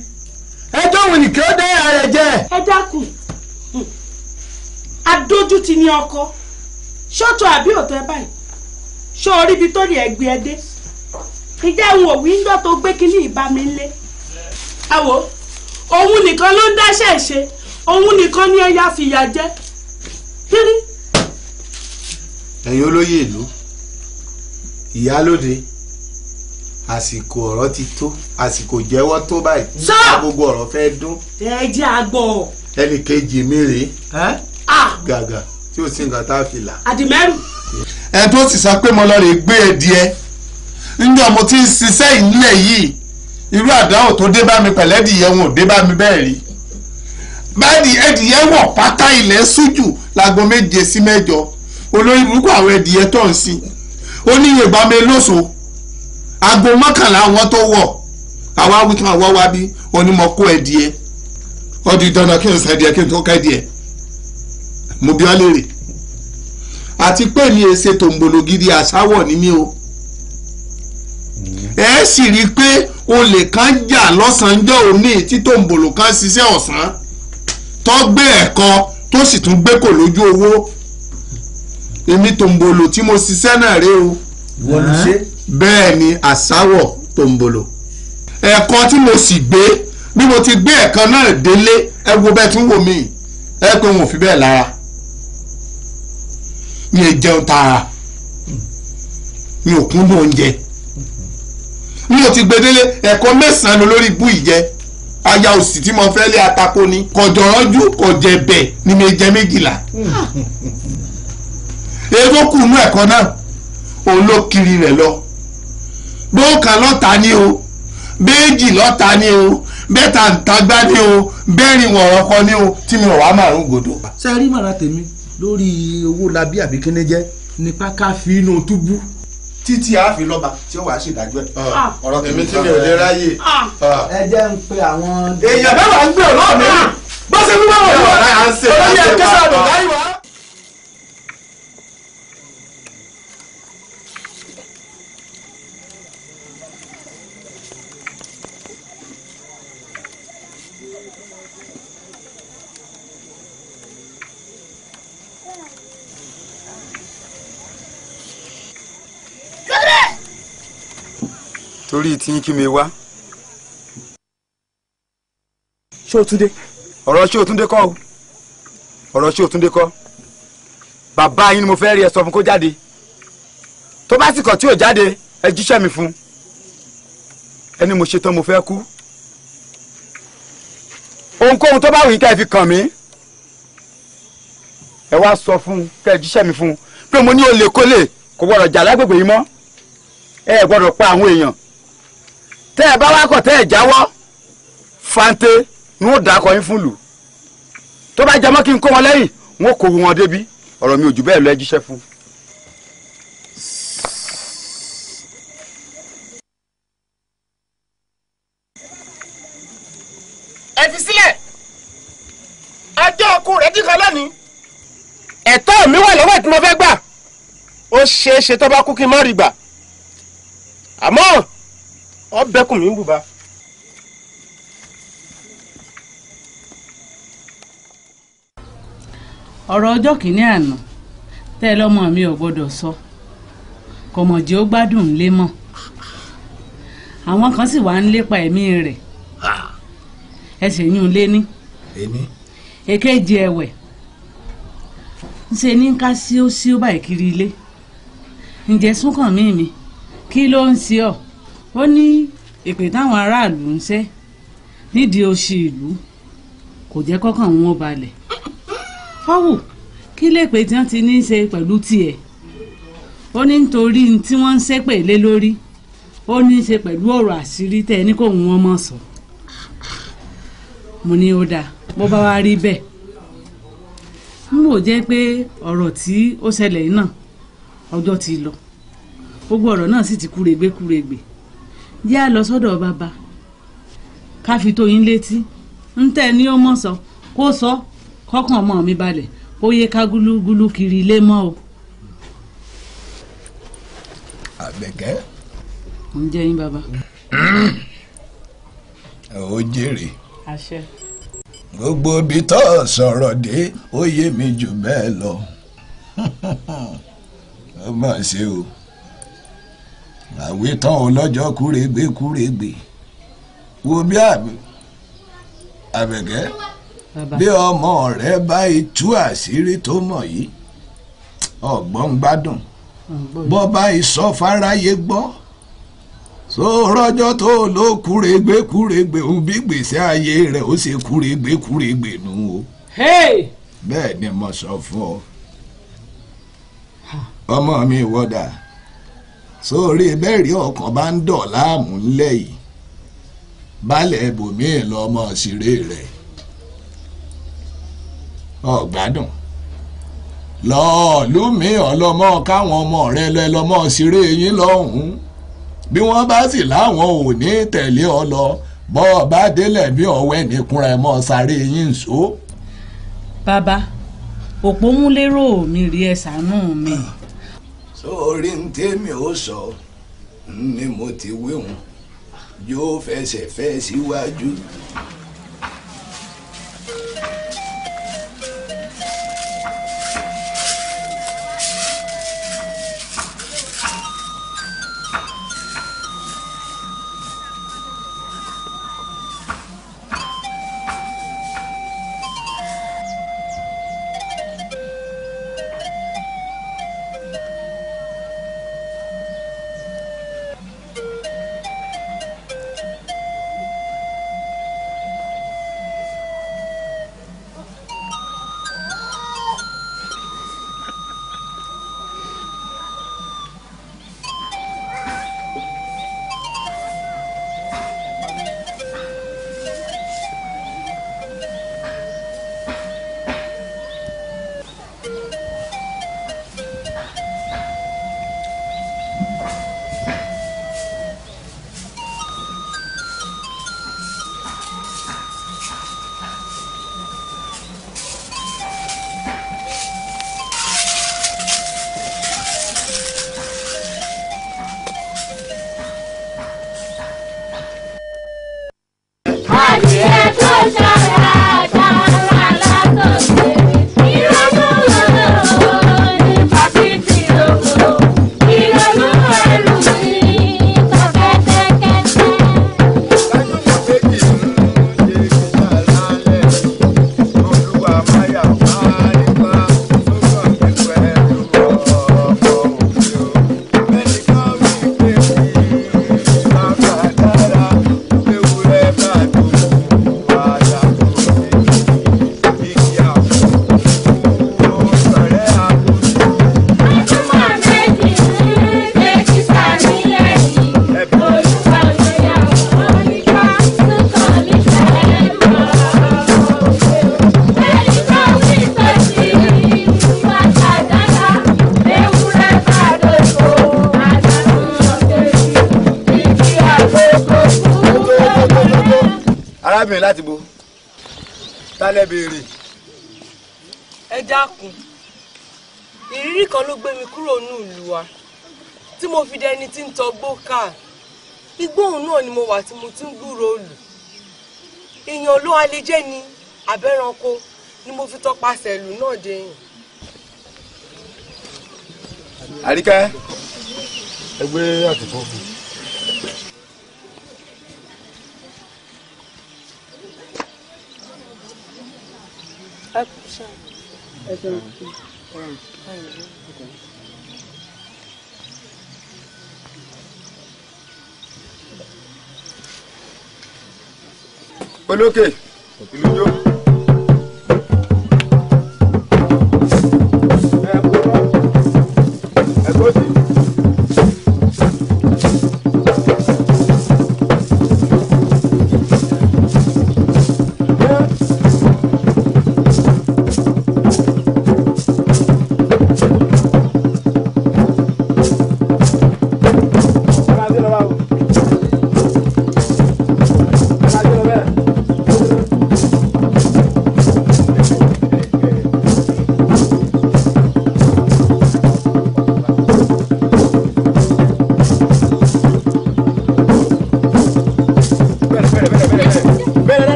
ẹjọ́ òun nìkan ó dé ààrẹ jẹ. ẹ dákun adójútì ni ọkọ ṣọ́tọ̀ àbí òtọ́ ẹ báyìí ṣó orí ibi tó ní ẹgbẹ́ ẹ dé ìjà ń wò wíńdọ́ tó gbé kínní ìbámi ńlẹ̀ àwò òun nìkan ló ń dáṣẹ́ ṣe òun nìkan ni ẹ̀yà fìyà jẹ kiri. ẹ̀yin olóyè ìlú ìyálóde àsìkò ọ̀rọ̀ ti tó àsìkò jẹ́wọ́ tó báyìí. sọ gbogbo ọ̀rọ̀ fẹ́ dún. ẹ jẹ́ àgbọ̀. ẹnì kejì mi rèé. gàgà tí ó sì ń gàtá fìlà. àdìmẹ́rù ẹ tó sì sọ pé mo lọ rè gbé ẹdìẹ nígbà mo ti ń ṣiṣẹ́ ìnílẹ̀ yìí irú àdáwò tó dé bá mi pẹ̀lẹ́dìyẹ wọn ò dé bá mi bẹ́ẹ̀ rí báyìí ẹdìyẹ wọ̀ pátá ilẹ̀ ṣújù láago méje sí mẹ́jọ olórí burúkú àwọn ẹdìyẹ tó ń sìn ó ní iye ìgbà mi lóṣù aago mọ́kànlá àwọn tó wọ̀ àwa wíkan àwa wá bí onímọ̀ kó ẹdìyẹ ó di dandan kí n sẹ́díẹ̀ kí n tó kẹ́díẹ̀ mo bí wá léèrè àti pé mi è ṣe tòǹbòlò gidi àsáwọ̀ ni mí o mm. ẹ sì rí i pé olè kan jà lọ́sànjọ́ òní tí tòǹbòlò kan ṣiṣẹ́ ọ̀sán tó gbé ẹ̀kọ́ tó sì tún gbé kò lójú owó èmi tòǹbòlò tí mo ṣiṣẹ́ náà rèé o bẹ́ẹ̀ ni àsáwọ̀ tòǹbòlò ẹ̀kọ́ tí mo sì gbé bí mo ti gbé ẹ̀kan náà délé ẹ wo bẹ́ẹ̀ tún wò mí ẹ pé wọn ò fi bẹ́ẹ̀ lára mi ò jẹun tààrà mi ò kúndùn oúnjẹ mi ò ti gbedele ẹ̀kọ́ mẹ́sàn-án lórí ibú ìjẹ aya òsì tí mo fẹ́ lé atako ni kọ̀jọ̀rọ́jú kọ̀jẹ̀bẹ̀ ni mi jẹ méjìlá èrò kù nú ẹ̀kọ́ náà òun ló kiri rẹ̀ lọ gbóǹkà lọ́ta ni o béèjì lọ́ta ni o bẹ́tà ń tagbá ni o bẹ́ẹ̀rin wọ̀rọ̀ kan ni o tí mi ò wá màrún gòdò. ṣe rí màrà tèmi lórí owó labí àbí kíní jẹ́ nípa ká fi inú túbú títí a fi lọ́ba tí ó wàá ṣèdájọ́ ẹ̀. Ah. Ah. ọ̀rọ̀ tèmi tí mi ò lè ráyè. Ah. ẹ jẹ́ ń pe àwọn. èèyàn bẹ́ẹ̀ wà ń gbé ọ̀nà mi bó ṣe ń bá wọn lọ. à ń ṣe é wá. olóyè kẹsàn-án ló torí tiyín kí mi wá. ṣóòtúndé. ọ̀rọ̀ ṣóòtúndé kọ́ o ọ̀rọ̀ ṣóòtúndé kọ́ bàbá yín ni mo fẹ́ rí ẹ sọ fún kó jáde tó bá sì kọ̀ tí ò jáde ẹ jíṣẹ́ mi fún un ẹni mo ṣetán mo fẹ́ kú ohunkóhun tó bá wù yín kẹ́ ẹ fi kàn mí ẹ wá sọ fún un kẹ́ ẹ jíṣẹ́ mi fún un pé mo ní olè kólè kò gbọ́dọ̀ jà lágbègbè yìí mọ́ ẹ gbọ́dọ̀ pa àwọn èèyàn tẹ́ ẹ bá wá kọ̀ tẹ́ ẹ jáwọ́ fante ni wọ́n dà kọ́ yín fún lù tó bá jẹmọ́ kí n kó wọn lẹ́yìn wọ́n kò wọn débi ọ̀rọ̀ mi ò jù bẹ́ẹ̀ lọ ẹ jíṣẹ́ fún. ẹ fi sílẹ̀ ajọ́ ọkùn rẹ̀ dìkan lónìí. ẹ̀tọ́ mi wà lọ́wọ́ tí fẹ́ gbà ó ṣeé ṣe tó bá kú kí n má rí gbà àmọ́. ọ bẹ́kùn mi ń bùbá. ọ̀rọ̀ ọjọ́ kìíní àná tẹ́ mi ò sọ kọ̀mọ̀jẹ́ ó gbádùn ńlé àwọn kan sì wá ń lépa ẹ̀mí rẹ ẹsẹ̀ yún un lé ní. èkejì ẹ̀wẹ̀ ńṣe ní ká síó síó báyìí kiri ilé nje súnkàn mí mi kí ló ń ṣe ó ní èpè táwọn aráàlú ń ṣe nídìí oṣù ìlú kò jẹ́ kọ́kàn wọn balẹ̀ fọ́wù kí lèpè tí wọ́n ti ní í ṣe pẹ̀lú tiẹ̀ ó ní nítorí tí wọ́n ń ṣépè lé lórí ó ní í ṣe pẹ̀lú ọ̀rọ̀ àṣírí tẹ́ ẹ ní kò wọ́n mọ̀ sọ mo ní ó dáa bó bá wá rí bẹ́ẹ̀ n wò jẹ́ pé ọ̀rọ̀ tí ó ṣẹlẹ̀ náà ọjọ́ ti lọ gbogbo ọ̀rọ̀ náà sì ti kúregbé kúregbé yá lọ sọ́dọ̀ bàbá ká fi tó yín létí ń tẹ́ ni ó mọ̀ sọ kó sọ kọ́kàn ọmọ mi balẹ̀ kó yẹ ká gúlúgúlú kiri ilé mọ́ o. àgbẹ̀kẹ́. ń jẹ́ yín bàbá. ó jèrè. àṣẹ. gbogbo ibi tó sọ̀rọ̀ dé ó yé mi jù bẹ́ẹ̀ lọ. ó mà ṣe o àwítán ọlọ́jọ́ kúrègbè kúrègbè wo bí àbẹ̀kẹ́ bí ọmọ rẹ bá tú àṣírí tó mọ̀ yìí ọ̀gbọ́n ń gbádùn bọ́ bá ìsọ fáráyé gbọ́ so rọ́jọ́ tó ló kúrègbè kúrègbè òun bí gbèsè ayé rẹ̀ ó ṣe kúrègbè kúrègbè nù o bẹ́ẹ̀ ni mo sọ fún ọ ọmọ mi wọ́dà sórí bẹ́ẹ̀rí ọkàn bá ń dọ̀ láàmú ńlẹ̀ yìí balẹ̀ ibòmíì lọmọ òṣèré rẹ̀ ọ̀gbádùn lọ́ọ́ lùmí ọlọ́mọ káwọn ọmọ rẹ lọ ẹlọmọ òṣèré yín lọ́hùn-ún bí wọ́n bá sì láwọn ò ní tẹ̀lé ọ lọ bọ́ ọ bá délẹ̀ bí ọ̀wẹ́ nìkunra ẹ̀ mọ́ sáré yín ń so. bàbá òpómúlérò mi rí ẹ ṣàánú mi. Uh sórí ń tẹ́mi ó sọ ni mo ti wéhùn yóò fẹsẹ̀ fẹ́ síwájú. Si talẹ̀ béèrè. ẹ dákun ìrírí kan ló gbé mi kúrò ní ìlú wa tí mo fi dẹni tí ń tọgbó ká igbóhùn náà ni mo wà tí mo ti ń gbúrò olù èèyàn ló alẹ́jẹ́ ni abẹ́ranko ni mo fi tọpasẹ̀ ìlú náà dẹ̀yìn. àríkẹ́ ẹgbẹ́ àtìkọ́ fún un. olókè ìlú jó.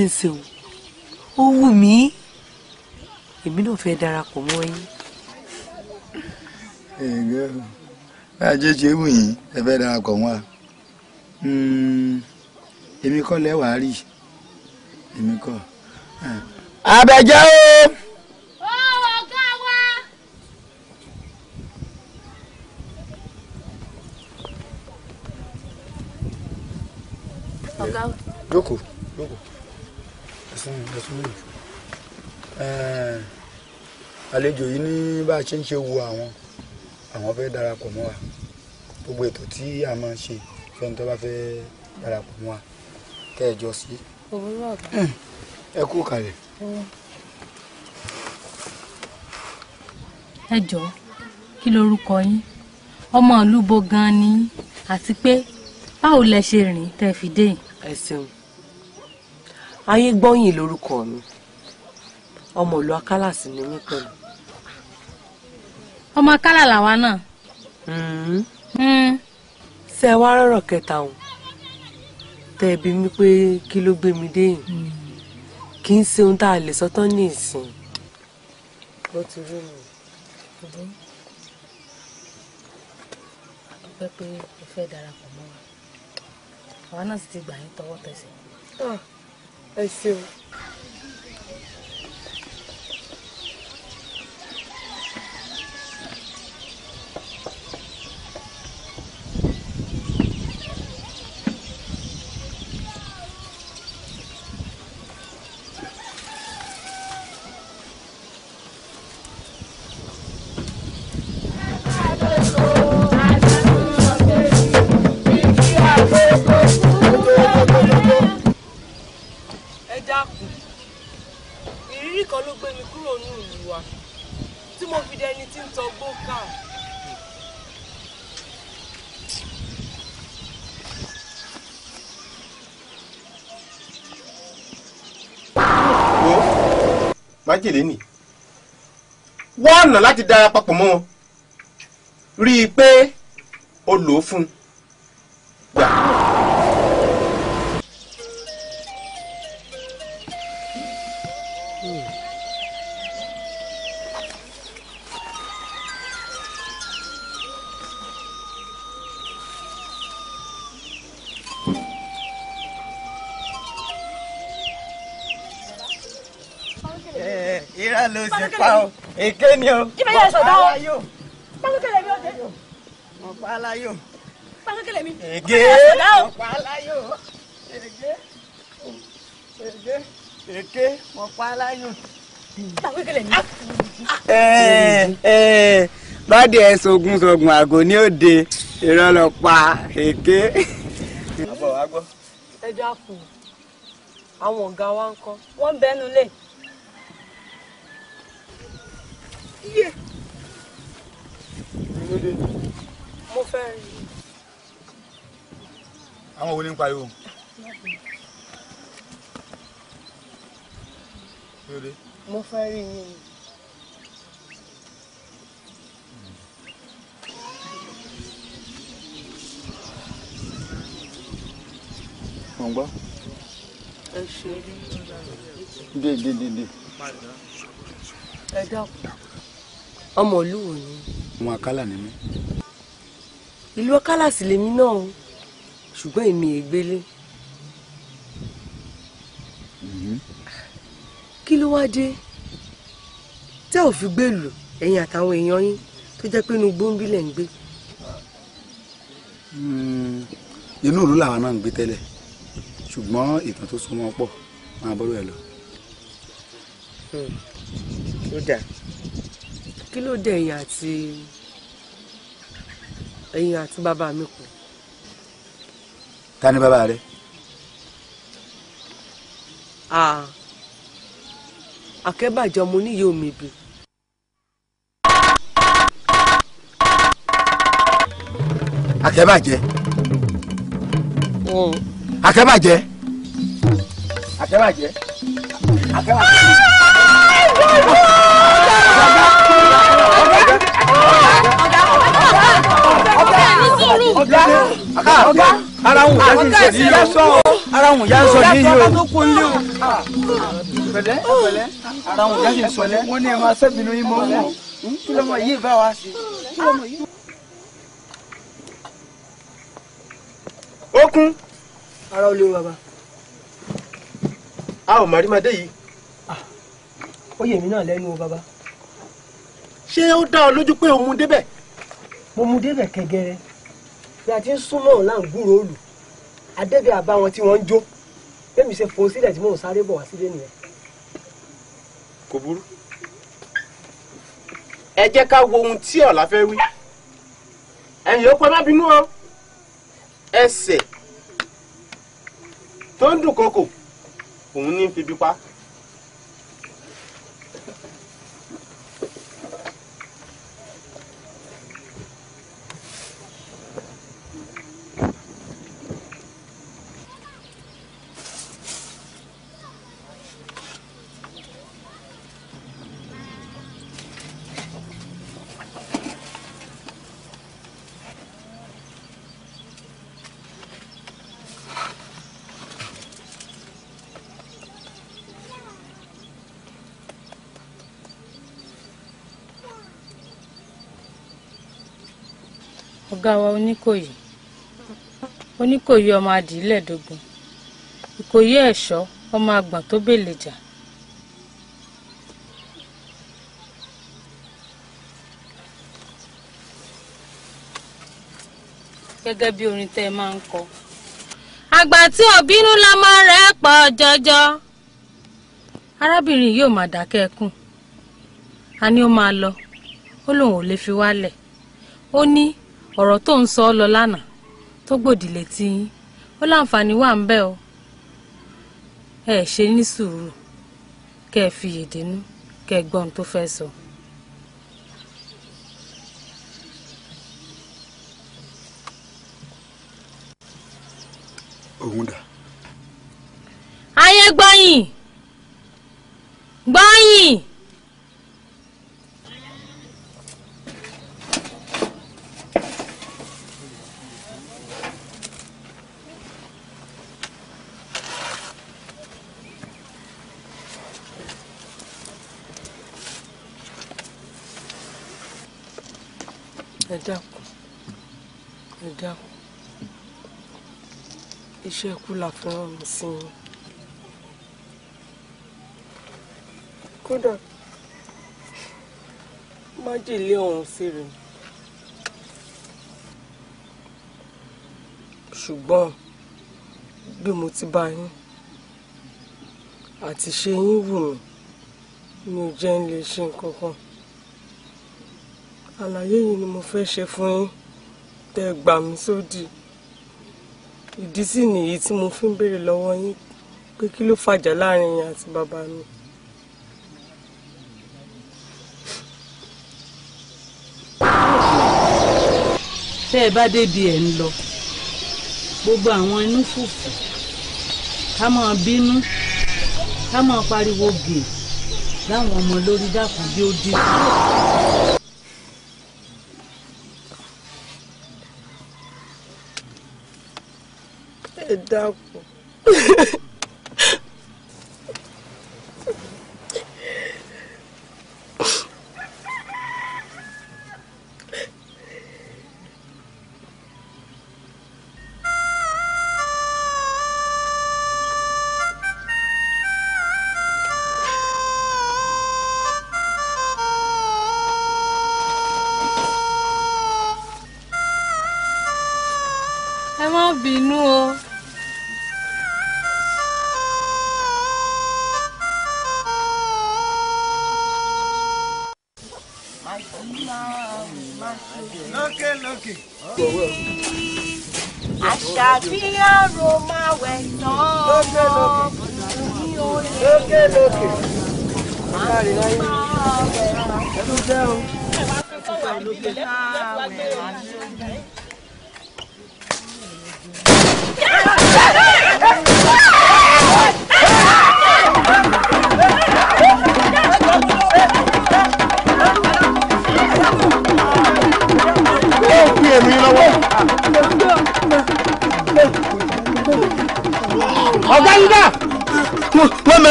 ṣe ń ṣe o ó wù mí èmi náà fẹ́ darapọ̀ mọ́ yín. ẹ̀gẹ́ o àjèjì ewu yìí ẹ fẹ́ darapọ̀ mọ́ a hmm, èmi kọ́ lẹ́wàá rí èmi kọ́ ah. abẹ́jẹ́ o. ṣe ń ṣe wo àwọn àwọn fẹ́ darapọ̀ mọ́ wa gbogbo ètò tí a máa ń ṣe fẹ́ni tó bá fẹ́ darapọ̀ mọ́ wa tẹ́ ẹ jọ sí. òwúrọ̀ ọ̀gá. Hmm. ẹ kú kalẹ̀. ẹ jọ kí lorúkọ yín ọmọ ìlú bo gan ni àti pé báwo lẹ ṣe rìn tẹ́ fi dé yìí. ẹ ṣeun ayé gbọ́yìn lorúkọ mi ọmọ ìlú akálàsì ni mí pẹ̀lú ọmọ kálà làwa náà. Hmm. Hmm. ṣé ẹ wá rọ̀rọ̀ kẹta o tẹ ẹ bí mi pé kí ló gbé mi dé yìí hmm. kì í ṣe ohun tá a lè sọ ní ìsìn bó ti rí mi. ọpẹ́ pé o fẹ́ darapọ̀ mọ́ wa àwa náà sì ti gbà yín tọwọ́ tẹsẹ̀. Ah, ẹ ṣeun. kékeré nì wá ọ̀nà láti dara papọ̀ mọ́ wọn rí i pé o lò ó fún un ló ṣe pa o èké ni o pàláyò pàláyò èké pàláyò èké èké èké pàláyò. báde ẹ sogun sogun àgò ní òde ìrọlọpàá èké. ẹjọ́ àpò àwọn ọ̀gá wa ń kọ́ wọ́n bẹ́nu lè. Iye. Olóde. Mo fẹ́ rí. Àwọn wo ni ń pariwo? Olóde. Mo fẹ́ rí yín. Mo ń gbọ́. Ẹ ṣe rí. Dé dé dé Ẹ dákun ọmọ ìlú wo ni. ọmọ àkàlà ni mí. ìlú àkàlà sì lèmi náà o ṣùgbọ́n èmi ègbélé. Mhm. kí ló wá dé tẹ́ ò fi gbèlú ẹ̀yin àtàwọn èèyàn yín tó jẹ́ pé inú gbóńbí lẹ̀ ń gbé. Hmm, inú ìlú làwọn náà ń gbé tẹ́lẹ̀ ṣùgbọ́n ìtàn tó súnmọ́ pọ̀ máa bọ́lú ẹ̀ lọ. Hmm, ó dáa kí ló dé ẹ̀yin àti ẹ̀yin àti bàbá mi kù. ta ni bàbá rẹ. àkẹ́bàjọ́ mo níyìí omi bì. àkẹ́bàjẹ́. àkẹ́bàjẹ́. àkẹ́bàjẹ́. àkẹ́bàjẹ́. ọ̀gá ọ̀gá ara wọn yà sí sọ yìí yà sọ ara wọn yà sọ yìí yìí o. pẹ̀lẹ́ pẹ̀lẹ́ ara wọn yà sí sọ lẹ wọn ní ẹ máa sẹbìnú yín hmm? mọ wọn kí lọmọ yìí bá wa sí ó kún. ara ò léwu bàbá. a ò mọ̀ àrímọ́dé yìí. Ah. ó yèmí náà lẹ́nu o bàbá. ṣé ó dá ọ lójú pé o mú débẹ̀. mo mú débẹ̀ kẹgẹrẹ bí a ti ń súnmọ́ là ń gúrò òòlù adébẹ̀ àbá wọn tí wọ́n ń jó bẹ́ẹ̀mi ṣe fò sílẹ̀ tí mò ń sáré bọ̀ wá sílé nìyẹn. kò burú ẹ jẹ́ ká wo ohun tí ọ̀la fẹ́ wí ẹ̀yìn ó pẹ́ má bínú o ẹsẹ̀ tó ń dùn kókò òun ní fi bí pa. ọ̀gá wa oníkòyí oníkòyí ọmọ adìílẹ̀dógún ìkòyí ẹ̀ṣọ́ ọmọ àgbọ̀n tó bèlèjà gẹ́gẹ́ bí orin tẹ́ ẹ máa ń kọ. àgbà tí ò bínú lọmọ rẹ̀ pọ̀ jọjọ. arábìnrin yóò máa dákẹ́ ẹkún a ní ó máa lọ ó lóun ò lè fi wálẹ̀ ó ní ọ̀rọ̀ tó ń sọ lọ lánàá tó gbòdì létí ó láǹfààní wà ń bẹ̀ o ẹ ṣe ní sùúrù kẹ́ fi yèdínú gbọ́n tó fẹ́ sọ. dà. ayé iṣẹ́ kú la fún mi sí i. kódà májèlé ọ̀hún sí rè ṣùgbọ́n bí mo ti bá yín àti ṣe yín wù mí mi ò jẹ́ ń lè ṣe nǹkan kan àlàyé yìí ni mo fẹ́ ṣe fún yín tẹ́ gbà mí sódì. So ìdí sì nìyí tí mo fi ń béèrè lọ́wọ́ yín pé kí ló fàjà láàrin yín àti bàbá mi. tẹ́ ẹ bá débi ẹ̀ ń lọ gbogbo àwọn inú fùfù ká máa bínú ká máa pariwo gè láwọn ọmọ lórí dákun bí ó dín kù. Though.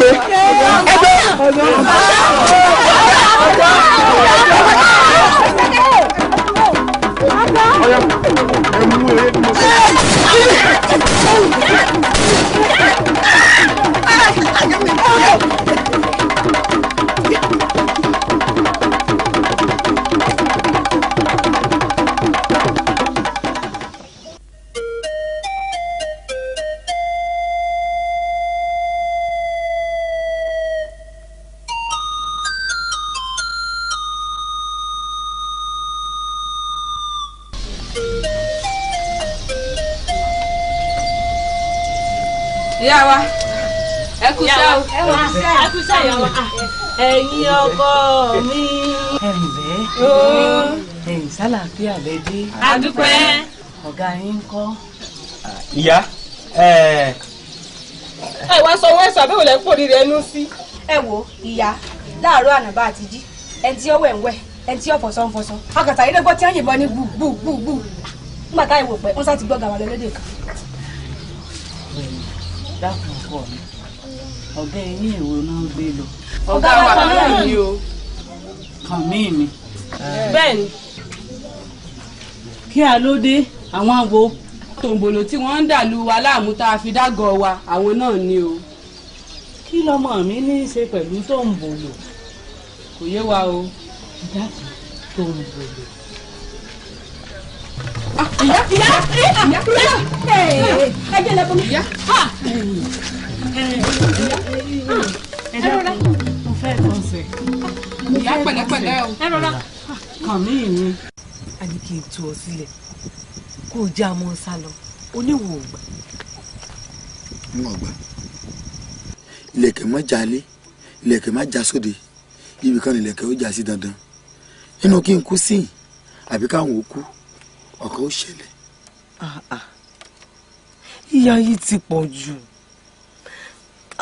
baby. tí àlẹ́ dé. adúpẹ́. ọ̀gá yín ń kọ́. ìyá ẹ wá sọ wọ́n ẹ̀sọ́ àbẹ̀wò lẹ́kùn òdìrẹ́ ẹnu sí. ẹ wo ìyá láàárọ̀ ànàbà àti jí ẹni tí ó wẹ̀ ń wẹ̀ ẹni tí ó fọ̀sọ̀ ń fọ̀sọ̀ akàtà yìí lẹ́gbọ́n tí wọ́n yìnbọn ní gbùgbùgbù nígbà táyà wò pẹ́ wọ́n sá ti gbọ́ gàmà lọ́lọ́dẹ kan. dákun ọkọ mi ọgá ẹ̀yìn ìwo náà gbé lọ. ọgá wa kàn mí mi. bẹ́ẹ̀ni kí a ló dé àwọn àwo. tòǹbòlò tí wọ́n ń dàlú wa láàmú tá a fi dágọ̀ wa àwọn náà ni o. kí lọmọ mi ní í ṣe pẹ̀lú tòǹbòlò. kò yé wa o. dákun tòǹbòlò ìyá ìyá ìyá ìyá ẹ jẹ́ lẹ́kọ̀ọ́ mi. ìyá ẹ rọra mo fẹ́ kàn sí. ìyá pẹ̀lẹ́pẹ̀lẹ́ o. ẹ rọra. kàn mí ni a ní kí n tú ọ sílẹ̀ kó o já ọmọ sá lọ oníwò ògbà. níwọ̀n ọgbà ilẹ̀kẹ̀ mọ́ jalé ilẹ̀kẹ̀ má já sóde ibì kan ilẹ̀kẹ̀ ó já sí dandan nínú kí n kú sí i àbí káwọn ò kú ọ̀kan ó ṣẹlẹ̀. Ah, ah. ìyá yìí ti pọ̀ jù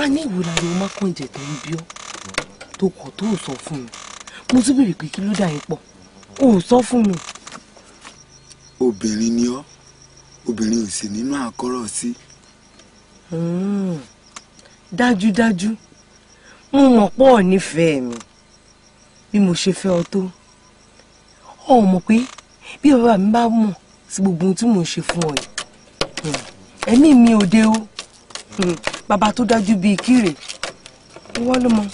a ní ìwúra ni o má kó oúnjẹ tó ń bí ọ tó kọ̀ tó sọ fún mi mo tún béèrè pé kí ló dà yín pọ̀ o sọ fún mi obìnrin ni ọ́ obìnrin ò sì nínú àkọ́rọ̀ sí. Hmm. dájúdájú mo mọ̀ pọ̀ nífẹ̀ẹ́ mi bí mo ṣe fẹ́ ọ tó ọ mọ̀ pé bí bàbá mi bá mọ̀ sí gbogbo ohun tí mò ń ṣe fún ọ yìí hmm. ẹ̀mí mi ò dé o hmm. bàbá tó dájú bíi kíre wọ́n ló mọ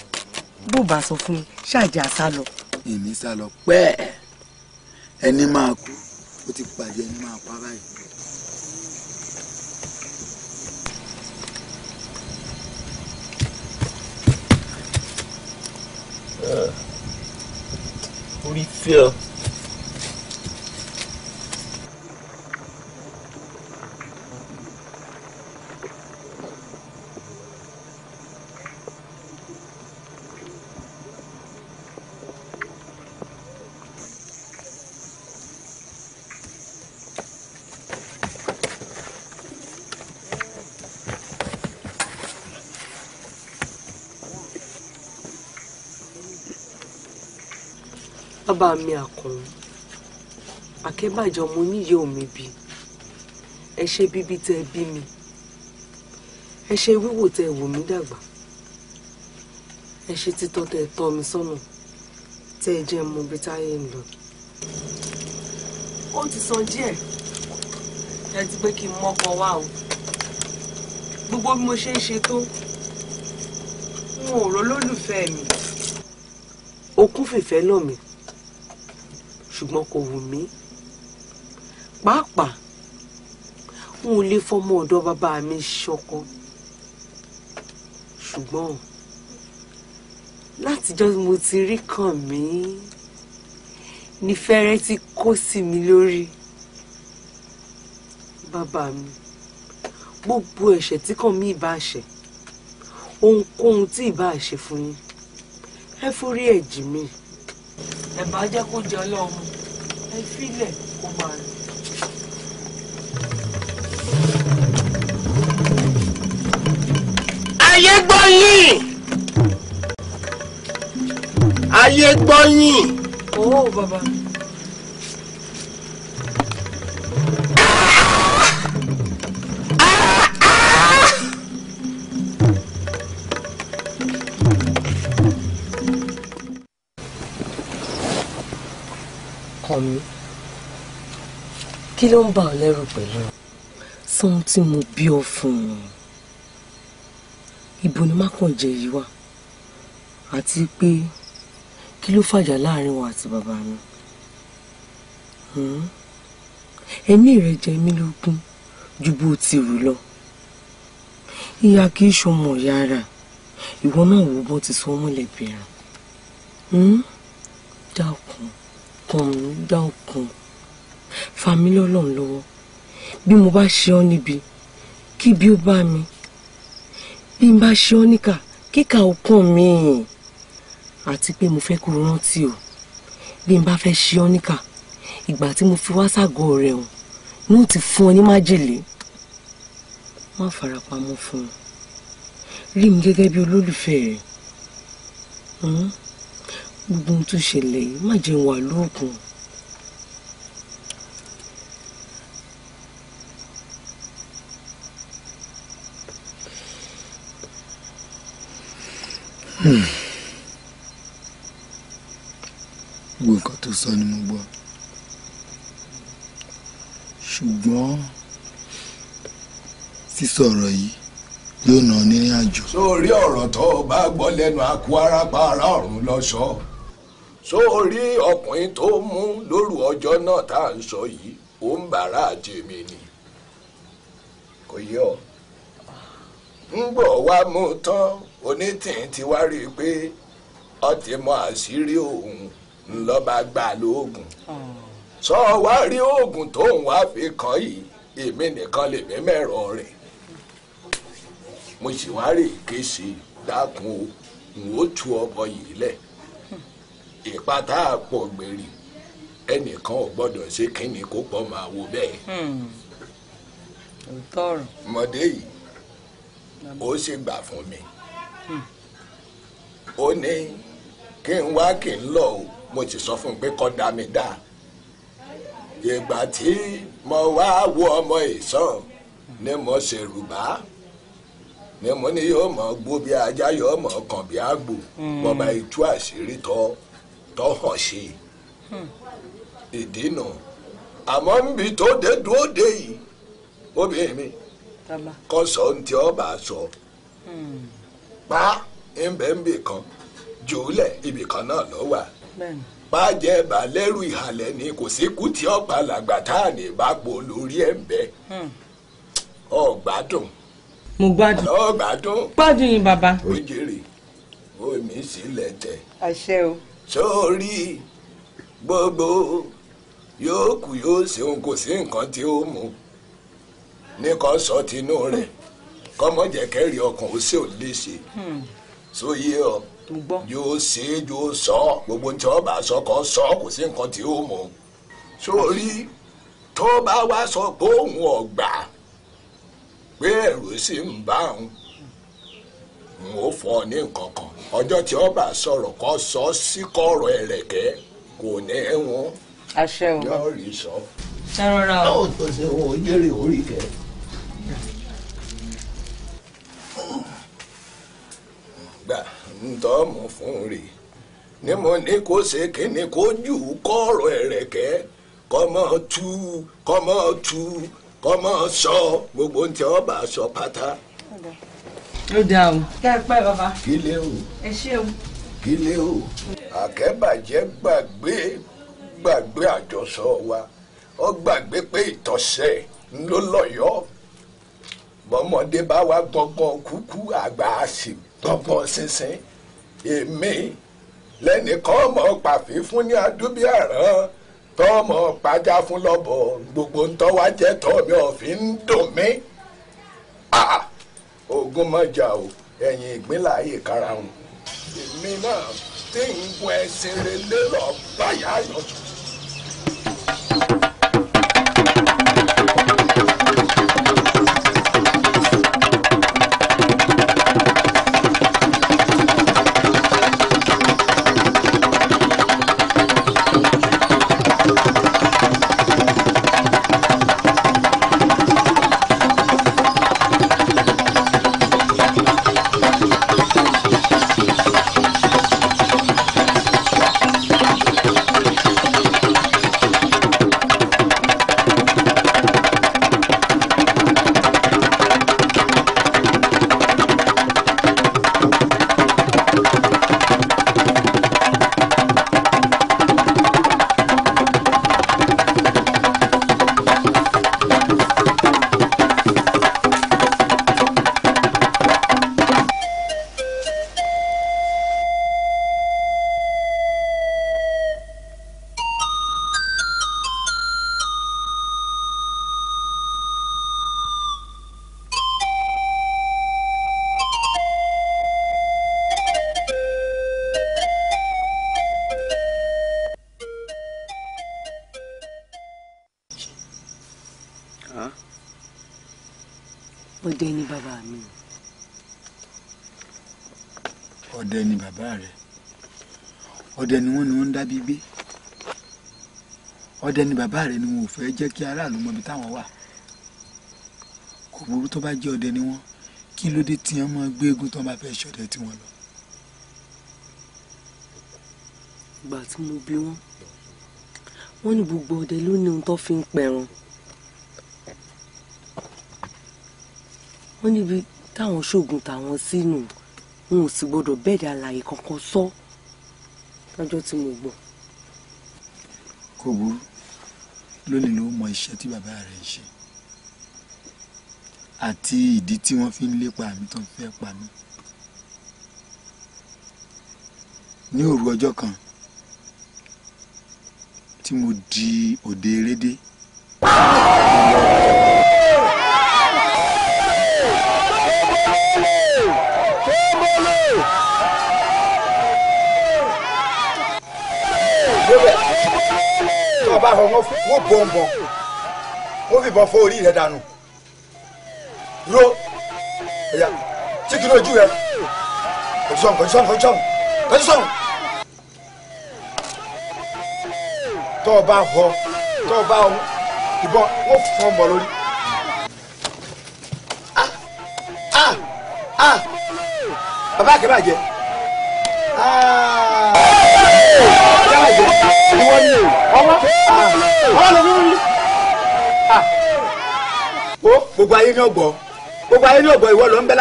bó bá sọ fún mi ṣáàjì àsálọ. ìní sálọ pẹ́ẹ́ ẹni máa kú ó ti pàdé ẹni máa pa báyìí. orí fẹ́ ọ. bàbá mi àkùn àkébàjọ mo níyẹ omi bi ẹ ṣe bíbí tẹ bí mi ẹ ṣe wíwò tẹ wò mí dàgbà ẹ ṣe títọ́ tẹ tọ́ mi sọ́nà tẹ ẹ jẹ́ mo bí táyé ń lọ. ó ti sọ díẹ̀ ẹ ti pé kí n mọ́kọ wá o gbogbo bí mo ṣe ń ṣe tó n ò rò lólùfẹ́ mi. okùn fìfẹ́ lọ̀ mí ṣùgbọ́n kò wù mí pàápàá n ò lè fọmọ ọ̀dọ̀ bàbá mi ṣọkọ ṣùgbọ́n látijọ́ mo ti rí kàn mí ní fẹ́rẹ́ tí kò sí mi lórí bàbá mi gbogbo ẹ̀ṣẹ̀ tí kàn mí ìbá ṣẹ̀ ohunkóhun tí ìbá ṣe fún yín ẹ forí ẹ̀ jì mí ẹ bá jẹ́ kó jẹ ọlọ́run ẹ sílẹ̀ kó máa lọ. ayé gbọ́ yín ayé gbọ́ yín. bàbá mi. kí ló ń bà ọ́ lẹ́rù pẹ̀lú sọ́n tí mo bí ọ fún un ibo ni mákànjẹ yìí wà àti pé kí ló fàjà láàrin wa àti bàbá mi hmm? ẹ̀mí rẹ jẹ mí lógún ju bó ti rù lọ ìyá kì í ṣọmọ ìyá ìwọ náà wò bó ti sọ mọ́lẹ̀ bẹ̀rẹ̀ hmm? dákun kàn dákun fàmílì ọlọ́run lọ́wọ́ bí mo bá ṣe ọ́ níbi kí bí ó bá mi bí n bá ṣe ọ́ níkà kíkà ó kàn mí àti pé mo fẹ́ kó rántí o bí n bá fẹ́ ṣe ọ́ níkà ìgbà tí mo fi wá ságọ́ rẹ̀ o ní ó ti fún ọ ní májèlé má farapamọ́ fún un rí mi gẹ́gẹ́ bí olólùfẹ́ rẹ̀ hmm? gbogbo ohun tó ṣẹlẹ̀ yìí má jẹun wà lóògùn. gbogbo nǹkan tó sọ ni mo gbọ́ ṣùgbọ́n sísọ ọ̀rọ̀ yìí yóò nà ní ìrìn àjò. sórí ọ̀rọ̀ tó o bá gbọ́ lẹ́nu àkú arápá ara ọ̀run lọ́sọ̀ọ́ sórí ọkùnrin tó mú lóru ọjọ́ náà tá à ń sọ yìí ó ń bàárà jèmi ni kò yẹ ọ ń gbọ́ wá mú tán onítìín ti wá rí i pé ọtí mọ àṣírí òun ńlọba gbà lóògùn sọ hmm. wá rí oògùn tóun wá fi kàn yìí èmi nìkan lè mí mẹ́rọ rẹ̀ mo sì wá rí ike dákun o n ó tu ọmọ yìí lẹ̀ ìpátá àpò gbèrè ẹnìkan ò gbọ́dọ̀ ṣe kínní kó pọ̀ máa wo bẹ́ẹ̀. Hmm. mọ̀dé yìí ó sì gbà fún mi. Hmm ó ní kí n wá kí n lọ o mo ti sọ fún un pé kọ́ dá mi dá ìgbà tí mo wá wo ọmọ ìsàn ni mo ṣe rùbá ni mo ní yóò mọ̀ gbó bí ajá yóò mọ̀ kàn bí àgbò hmm. mo bá itú àṣírí tọ́ tọ́ hàn ṣe hmm. ìdínà àmọ́ níbi tó dé dúró dé yìí obìnrin mi kọ́ sọ ohun tí ọba sọ hmm. pa. So ńbẹ ńbẹ kan jòólẹ̀ ibì kan náà ló wà bàjẹ́ balẹ̀rù ìhàlẹ̀ ni kò sí kùtì ọ̀pá làgbà tá à ní bá po lórí ẹ̀ ń bẹ ọ hmm. gbádùn. mo gbádùn. ọ gbádùn. gbádùn yín bàbá. ó jèrè ó mi sílẹ̀ tẹ. àṣẹ o. sórí gbogbo yóò kù yóò ṣeun kò sí nǹkan tí ó mú ní kò sọ tinú rẹ̀ kọ́mọ jẹ́ kẹ́rì ọkàn ó sì ò lè ṣe. Hmm sóyè ọ yóò ṣe é yóò sọ gbogbo tí ọba sọ kọ sọ kò sí nǹkan tí ó mọ sórí tó bá wá sọ pé òun ọgbà pé ẹ̀rù sì ń bá òun n ò fọ ní nǹkan kan ọjọ́ tí ọba sọ̀rọ̀ kọ́ sọ sí kọ̀rọ̀ ẹ̀rẹ̀kẹ́ kò ní ẹ̀wọ̀n yọ̀ọ́ rí sọ. ẹ rọra o. báwo tó ṣe wọ ojúrere orí kẹ. gbà ntọ́ mú fún rè ni mo ní kó ṣe kíni kó jù ú kọ́rọ̀ ẹ̀rẹ̀kẹ́ kọ́mọ tú kọ́mọ tú kọ́mọ sọ gbogbo ntí ọba sọ pátá. ó dáa o. kẹ́ ẹ pẹ́ bàbá. kí lé o. ẹ ṣé o. kí lé o. àkẹ́bàjẹ́ gbàgbé gbàgbé àjọsọ wa ó gbàgbé pé ìtọ̀sẹ̀ ńlọ́lọ́yọ́ bọ́mọdé bá wa gbọ́gbọ́ kúkú àgbà á tọkọ ṣinṣin èmi lẹ́nìkan ọmọ pàfi fún ní adúbí àrán tọmọ pàjá fún lọ́bọ̀ gbogbo ntọ́wá jẹ́ tọ́mi ọ̀fìn ń dùn mí ogun mọ́jà o ẹ̀yìn ìpínlẹ̀ ayé karahun èmi náà tí ń gun ẹsẹ̀ relé lọ báyà yọjú. ọdẹ ni bàbá rẹ ni wọn ò fẹ́ jẹ́ kí aráàlú mọbi táwọn wà kò burú tó bá jẹ́ ọdẹ ni wọ́n kí ló dé tí wọ́n máa gbé eégún tó bá fẹ́ ṣọdẹ tí wọ́n lọ. ìgbà tí mo bí wọn wọn ní gbogbo ọdẹ ló ní ohun tó fi ń pẹran wọn níbi táwọn ṣoògùn táwọn sínú wọn ò sì gbọ́dọ̀ bẹẹdẹ àlàyé kankan sọ lọ́jọ́ tí mo gbọ́. kò burú lónìí ló mọ iṣẹ́ tí bàbá rẹ̀ ń ṣe àti ìdí tí wọ́n fi ń lépa àmì tó ń fẹ́ pa mí. ní òru ọjọ́ kan tí mo di òde erédé. bá họ wọn bọ̀ ń bọ̀ wọ́n fìbọn fọ́ orí rẹ̀ dànù ro ẹ̀yà tí kìlọ̀ rẹ̀ kọjú sọ̀hún kọjú sọ̀hún kọjú sọ̀hún kọjú sọ̀hún tọ́ ọ bá họ tọ́ ọ bá họ ìbọn wọ́n fọ́ bọ̀ lórí. Ah, ah, ah. bàbá àkẹ́bàjẹ́. Ah ìwọ ni o ọmọ ọmọ ló ń rí. o gbogbo ayé ní ọgbọ gbogbo ayé ní ọgbọ ìwọ ló ń bẹ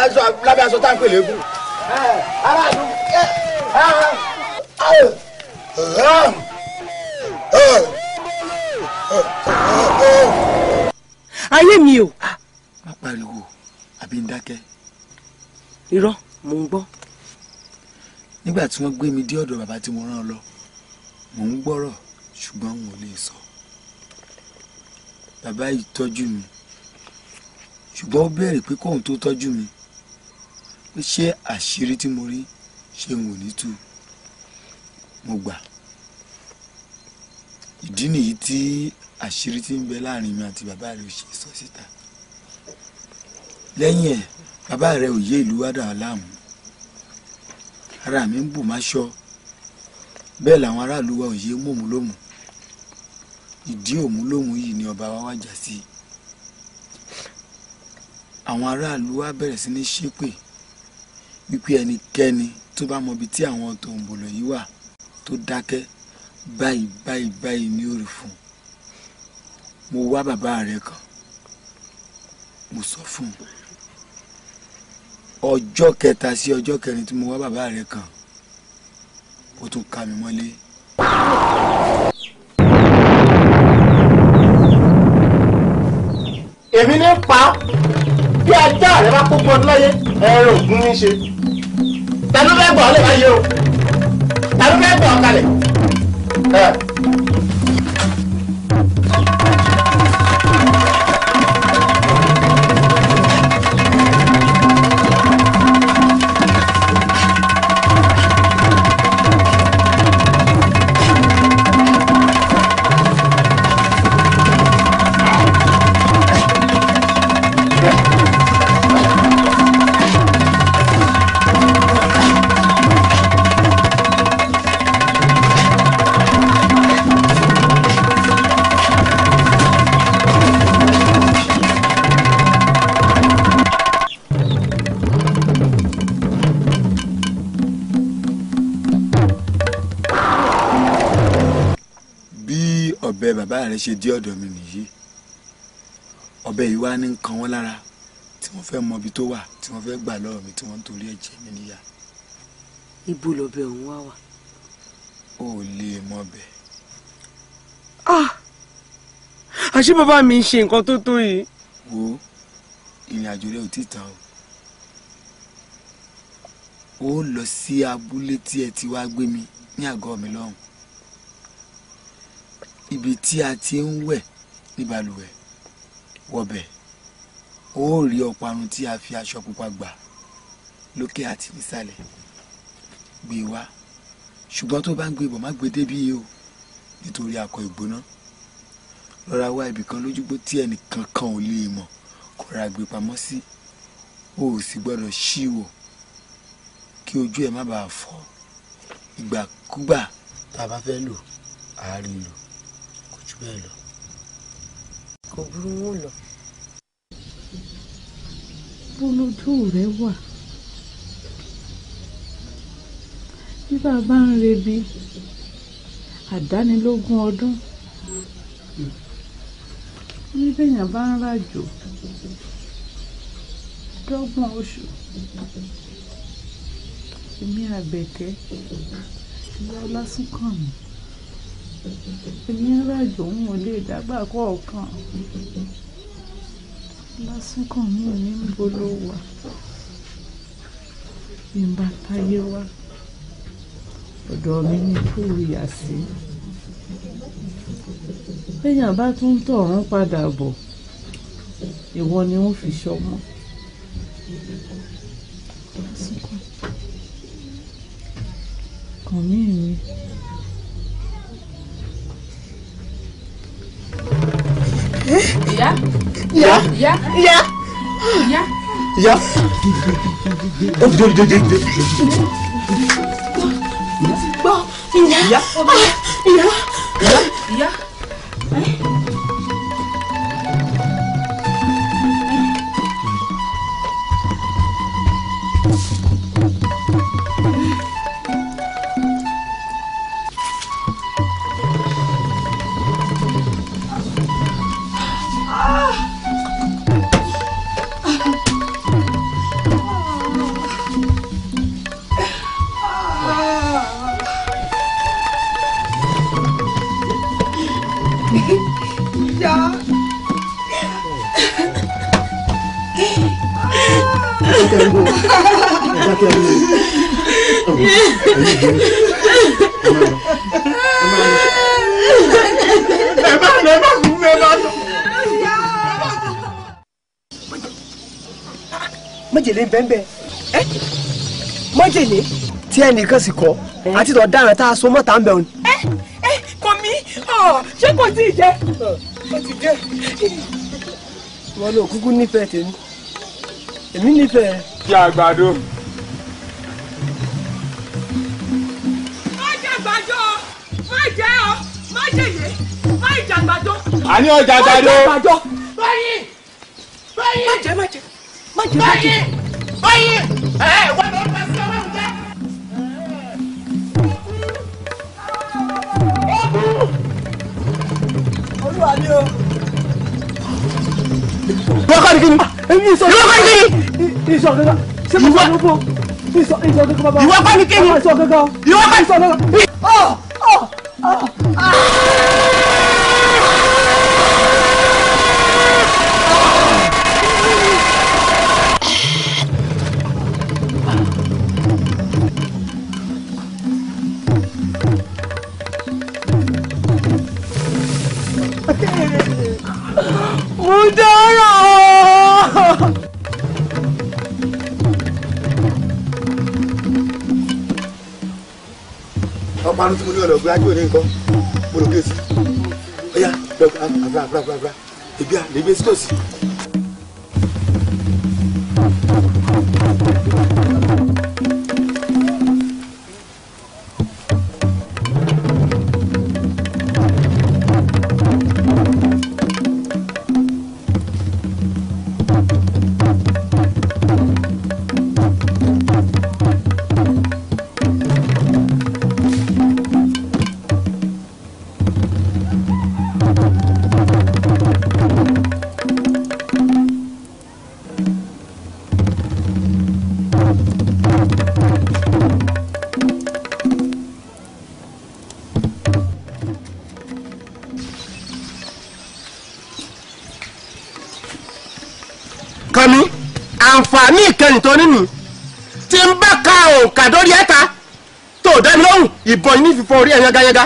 lábẹ́ aṣọ tá à ń pè lẹ́gùn. aráàlú ayé mi o. Ah, má pariwo àbí ń dákẹ́. irọ́ mò ń gbọ́. nígbà tí wọ́n gbé mi dé ọ̀dọ̀ bàbá tí mo rán ọ lọ mò ń gbọ́rọ̀ ṣùgbọ́n n ò lè sọ bàbá yìí tọ́jú mi ṣùgbọ́n ó béèrè pé kóun tó tọ́jú mi pé ṣé àṣírí tí mo rí ṣé n ò ní tú mo gbà ìdí nìyí tí àṣírí tí ń bẹ láàrin mi àti bàbá rẹ ò ṣe sọ síta lẹ́yìn ẹ̀ bàbá rẹ ò yé ìlú wádà láàmú ara mi ń bù máṣọ bẹ́ẹ̀ làwọn aráàlú wa òye mòmú lómù ìdí òmú lómù yìí ni ọba wa wájà sí àwọn aráàlú wa bẹ̀rẹ̀ sí ní ṣépè wípé ẹnikẹ́ni tó bá mọbi tí àwọn tòǹbòlò yìí wà tó dákẹ́ báyìí báyìí báyìí ní òrì fún mo wá bàbá rẹ kan mo sọ fún ọjọ́ kẹta sí ọjọ́ kẹrin tí mo wá bàbá rẹ kan ó tún ká mi mọ́lé. èmi ní pa bí ajá rẹ bá kó gbọdọ lọyẹ ẹrọ ògùn ní í ṣe tẹnubẹ gbọ ọ lè má yẹ o tẹnubẹ kalẹ̀. rẹ ṣe dí ọ̀dọ̀ mi nìyí ọbẹ̀ yìí wá ní nǹkan wọn lára tí wọ́n fẹ́ mọbi tó wà tí wọ́n fẹ́ gbà lọ́wọ́ mi tí wọ́n ń torí ẹ̀ jẹ níyà. ibo lọbẹ òun wá wà. ó lè mọ bẹ́ẹ̀. Ah! àṣé bàbá mi ń ṣe nǹkan tó tó yìí. wo ìrìn àjò rẹ ò tí ì tán o ó lọ sí abúlé tí ẹ ti wá gbé mi ní àgọ́ mi lọ́hùn-ún ibi tí a ti ń wẹ̀ ní balùwẹ̀ wọbẹ̀ ó rí ọparun tí a fi aṣọ pupa gbà lókè àti nísàlẹ̀ gbé wá ṣùgbọ́n tó bá ń gbé bọ̀ má gbé débi o nítorí akọ ìgbóná lọ́ra wá ibìkan lójúgbó tí ẹnìkan kan ò lè mọ̀ kó ra gbé pamọ́ sí o ò sì gbọ́dọ̀ ṣíwò kí ojú ẹ̀ má bàa fọ́ ìgbàkúgbà tá a bá fẹ́ lò á rí lò bẹ́ẹ̀ lọ. kò burú wọn lọ. bólójú rẹ wà bí bàbá ń rebi àdánilógún ọdún ní bẹ́yàn bá ń ràjò dọ́gbọ̀n oṣù èmi àbẹ̀kẹ́ ìyá ọlásùnkànmí èmi ń ràjò ń ò lè dàgbà kọ̀ọ̀kan lásìkò mi ò ní bolo wà bí n bá táyé wá ọ̀dọ̀ mi ní kúrú sí èèyàn bá tún tọ̀run padà bọ̀ ìwọ ni wọ́n fi ṣọmọ. kàn mí mi. ìyá ìyá ìyá ìyá ìyá ìyá ó dìde dìde dìde. gbọ́ ìyá ìyá ìyá ìyá. bẹ́ẹ̀ nìkan sì kọ́ àti tọ̀ dáràn tá a so mọ́ta ń bẹ̀ ọ́n. ẹ ẹ kò mí ṣé kò tí ì jẹ kò tí ì jẹ. wọn ló kúkú nífẹ̀ẹ́ tèmi èmi nífẹ̀ẹ́. kí àgbàdo. má jẹ àgbàdo má jẹ ọ má jẹ yé má jẹ àgbàdo. àní ọjà àgbàdo. má àgbàdo. báyìí báyìí má jẹ má jẹ má jẹ. báyìí báyìí ẹ wọ́n. ìwọ kọ́ ni kí ni. ìwọ kọ́ ni kí ni. ìsọ kankan ṣé mo sọ ló fún ìsọ ìsọ kankan bàbá. ìwọ kọ́ ni parun tí mo ní ọ̀nà ògbé ajé òní nǹkan mo lò kéésì ọ̀yá àbúrà àbúrà àbúrà èbí à lè gbé tòsí. Thank you. rìn tó nínú tí ń bá ka òǹkà lórí ẹ̀ta tó dá mi lóhùn ìbọn yìí ní fífọ orí ẹ̀ yángayángá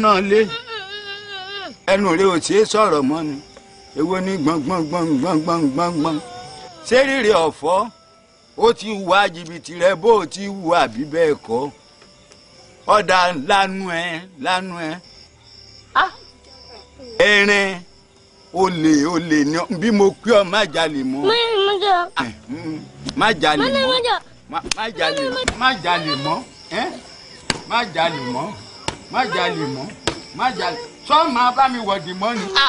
náà lé ẹnu rẹ ò tí ì sọ̀rọ̀ mọ́ ni èwo ọ̀fọ́ ó ti wá jìbìtì rẹ bó o ti wù àbí bẹ́ẹ̀ kọ́ ọ̀dà lanu ẹ lanu ẹ olè olè ni bí mo ọ má jalè mọ́ má mm, jalè mọ́ má jalè mọ́ má jalè mọ́. má jalè mọ́ má jalè sọ ma bá mi wọ̀dì mọ́ ni. Ah.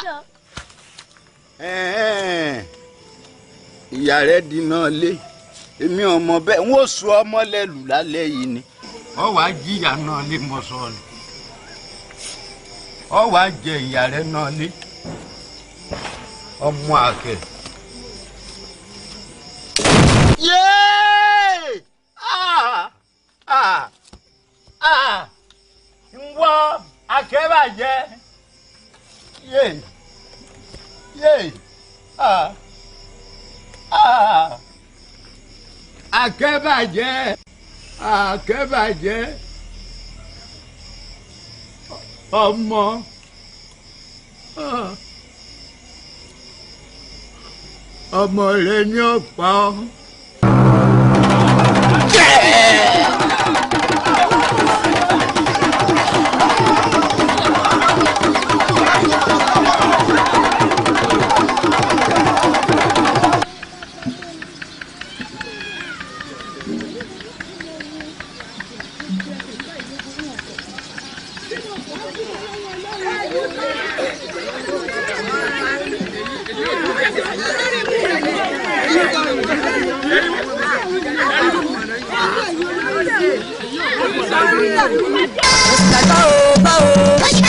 ìyá rẹ di náà lé èmi ọmọ bẹ́ẹ̀ n ó sọ ọmọ lẹ́lù lálẹ́ yìí ni. ọ wàá jìyà náà lé mọ ni ọ wàá jẹ ìyá rẹ náà lé ọmọ àkẹ. yéé ah ah ah. ń wọ́ akẹ́bàjẹ́ yé yé ah ah akẹ́bàjẹ́ akẹ́bàjẹ́ ọmọ ọmọ rẹ ní ọ̀pá. Yeah!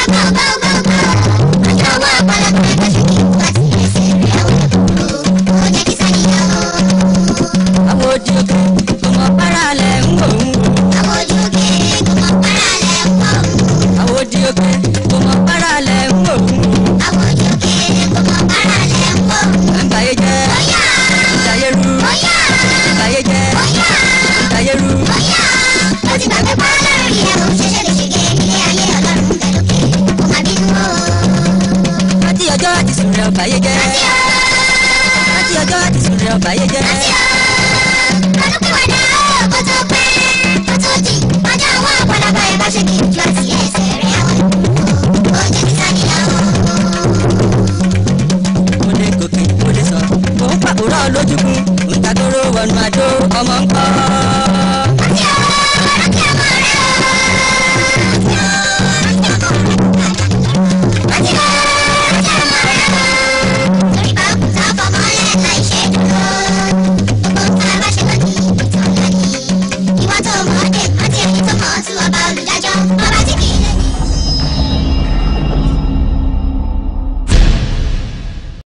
宝宝。ọ̀rọ̀ báyé jẹ́. ẹ ṣe ọ́ olùkíwàdà ó kó tó pẹ́ kó tó jì ọjọ́ àwọn àpàdàpà ẹ̀ bá ṣe kí flọ́ọ̀tì ẹsẹ̀ rẹ̀ àwọn oúnjẹ kíkà ní àwọn. mo lè gòkè mo lè sọ mo ń pàkúrọ̀ lójúkú ń wọnú àdó ọmọ ń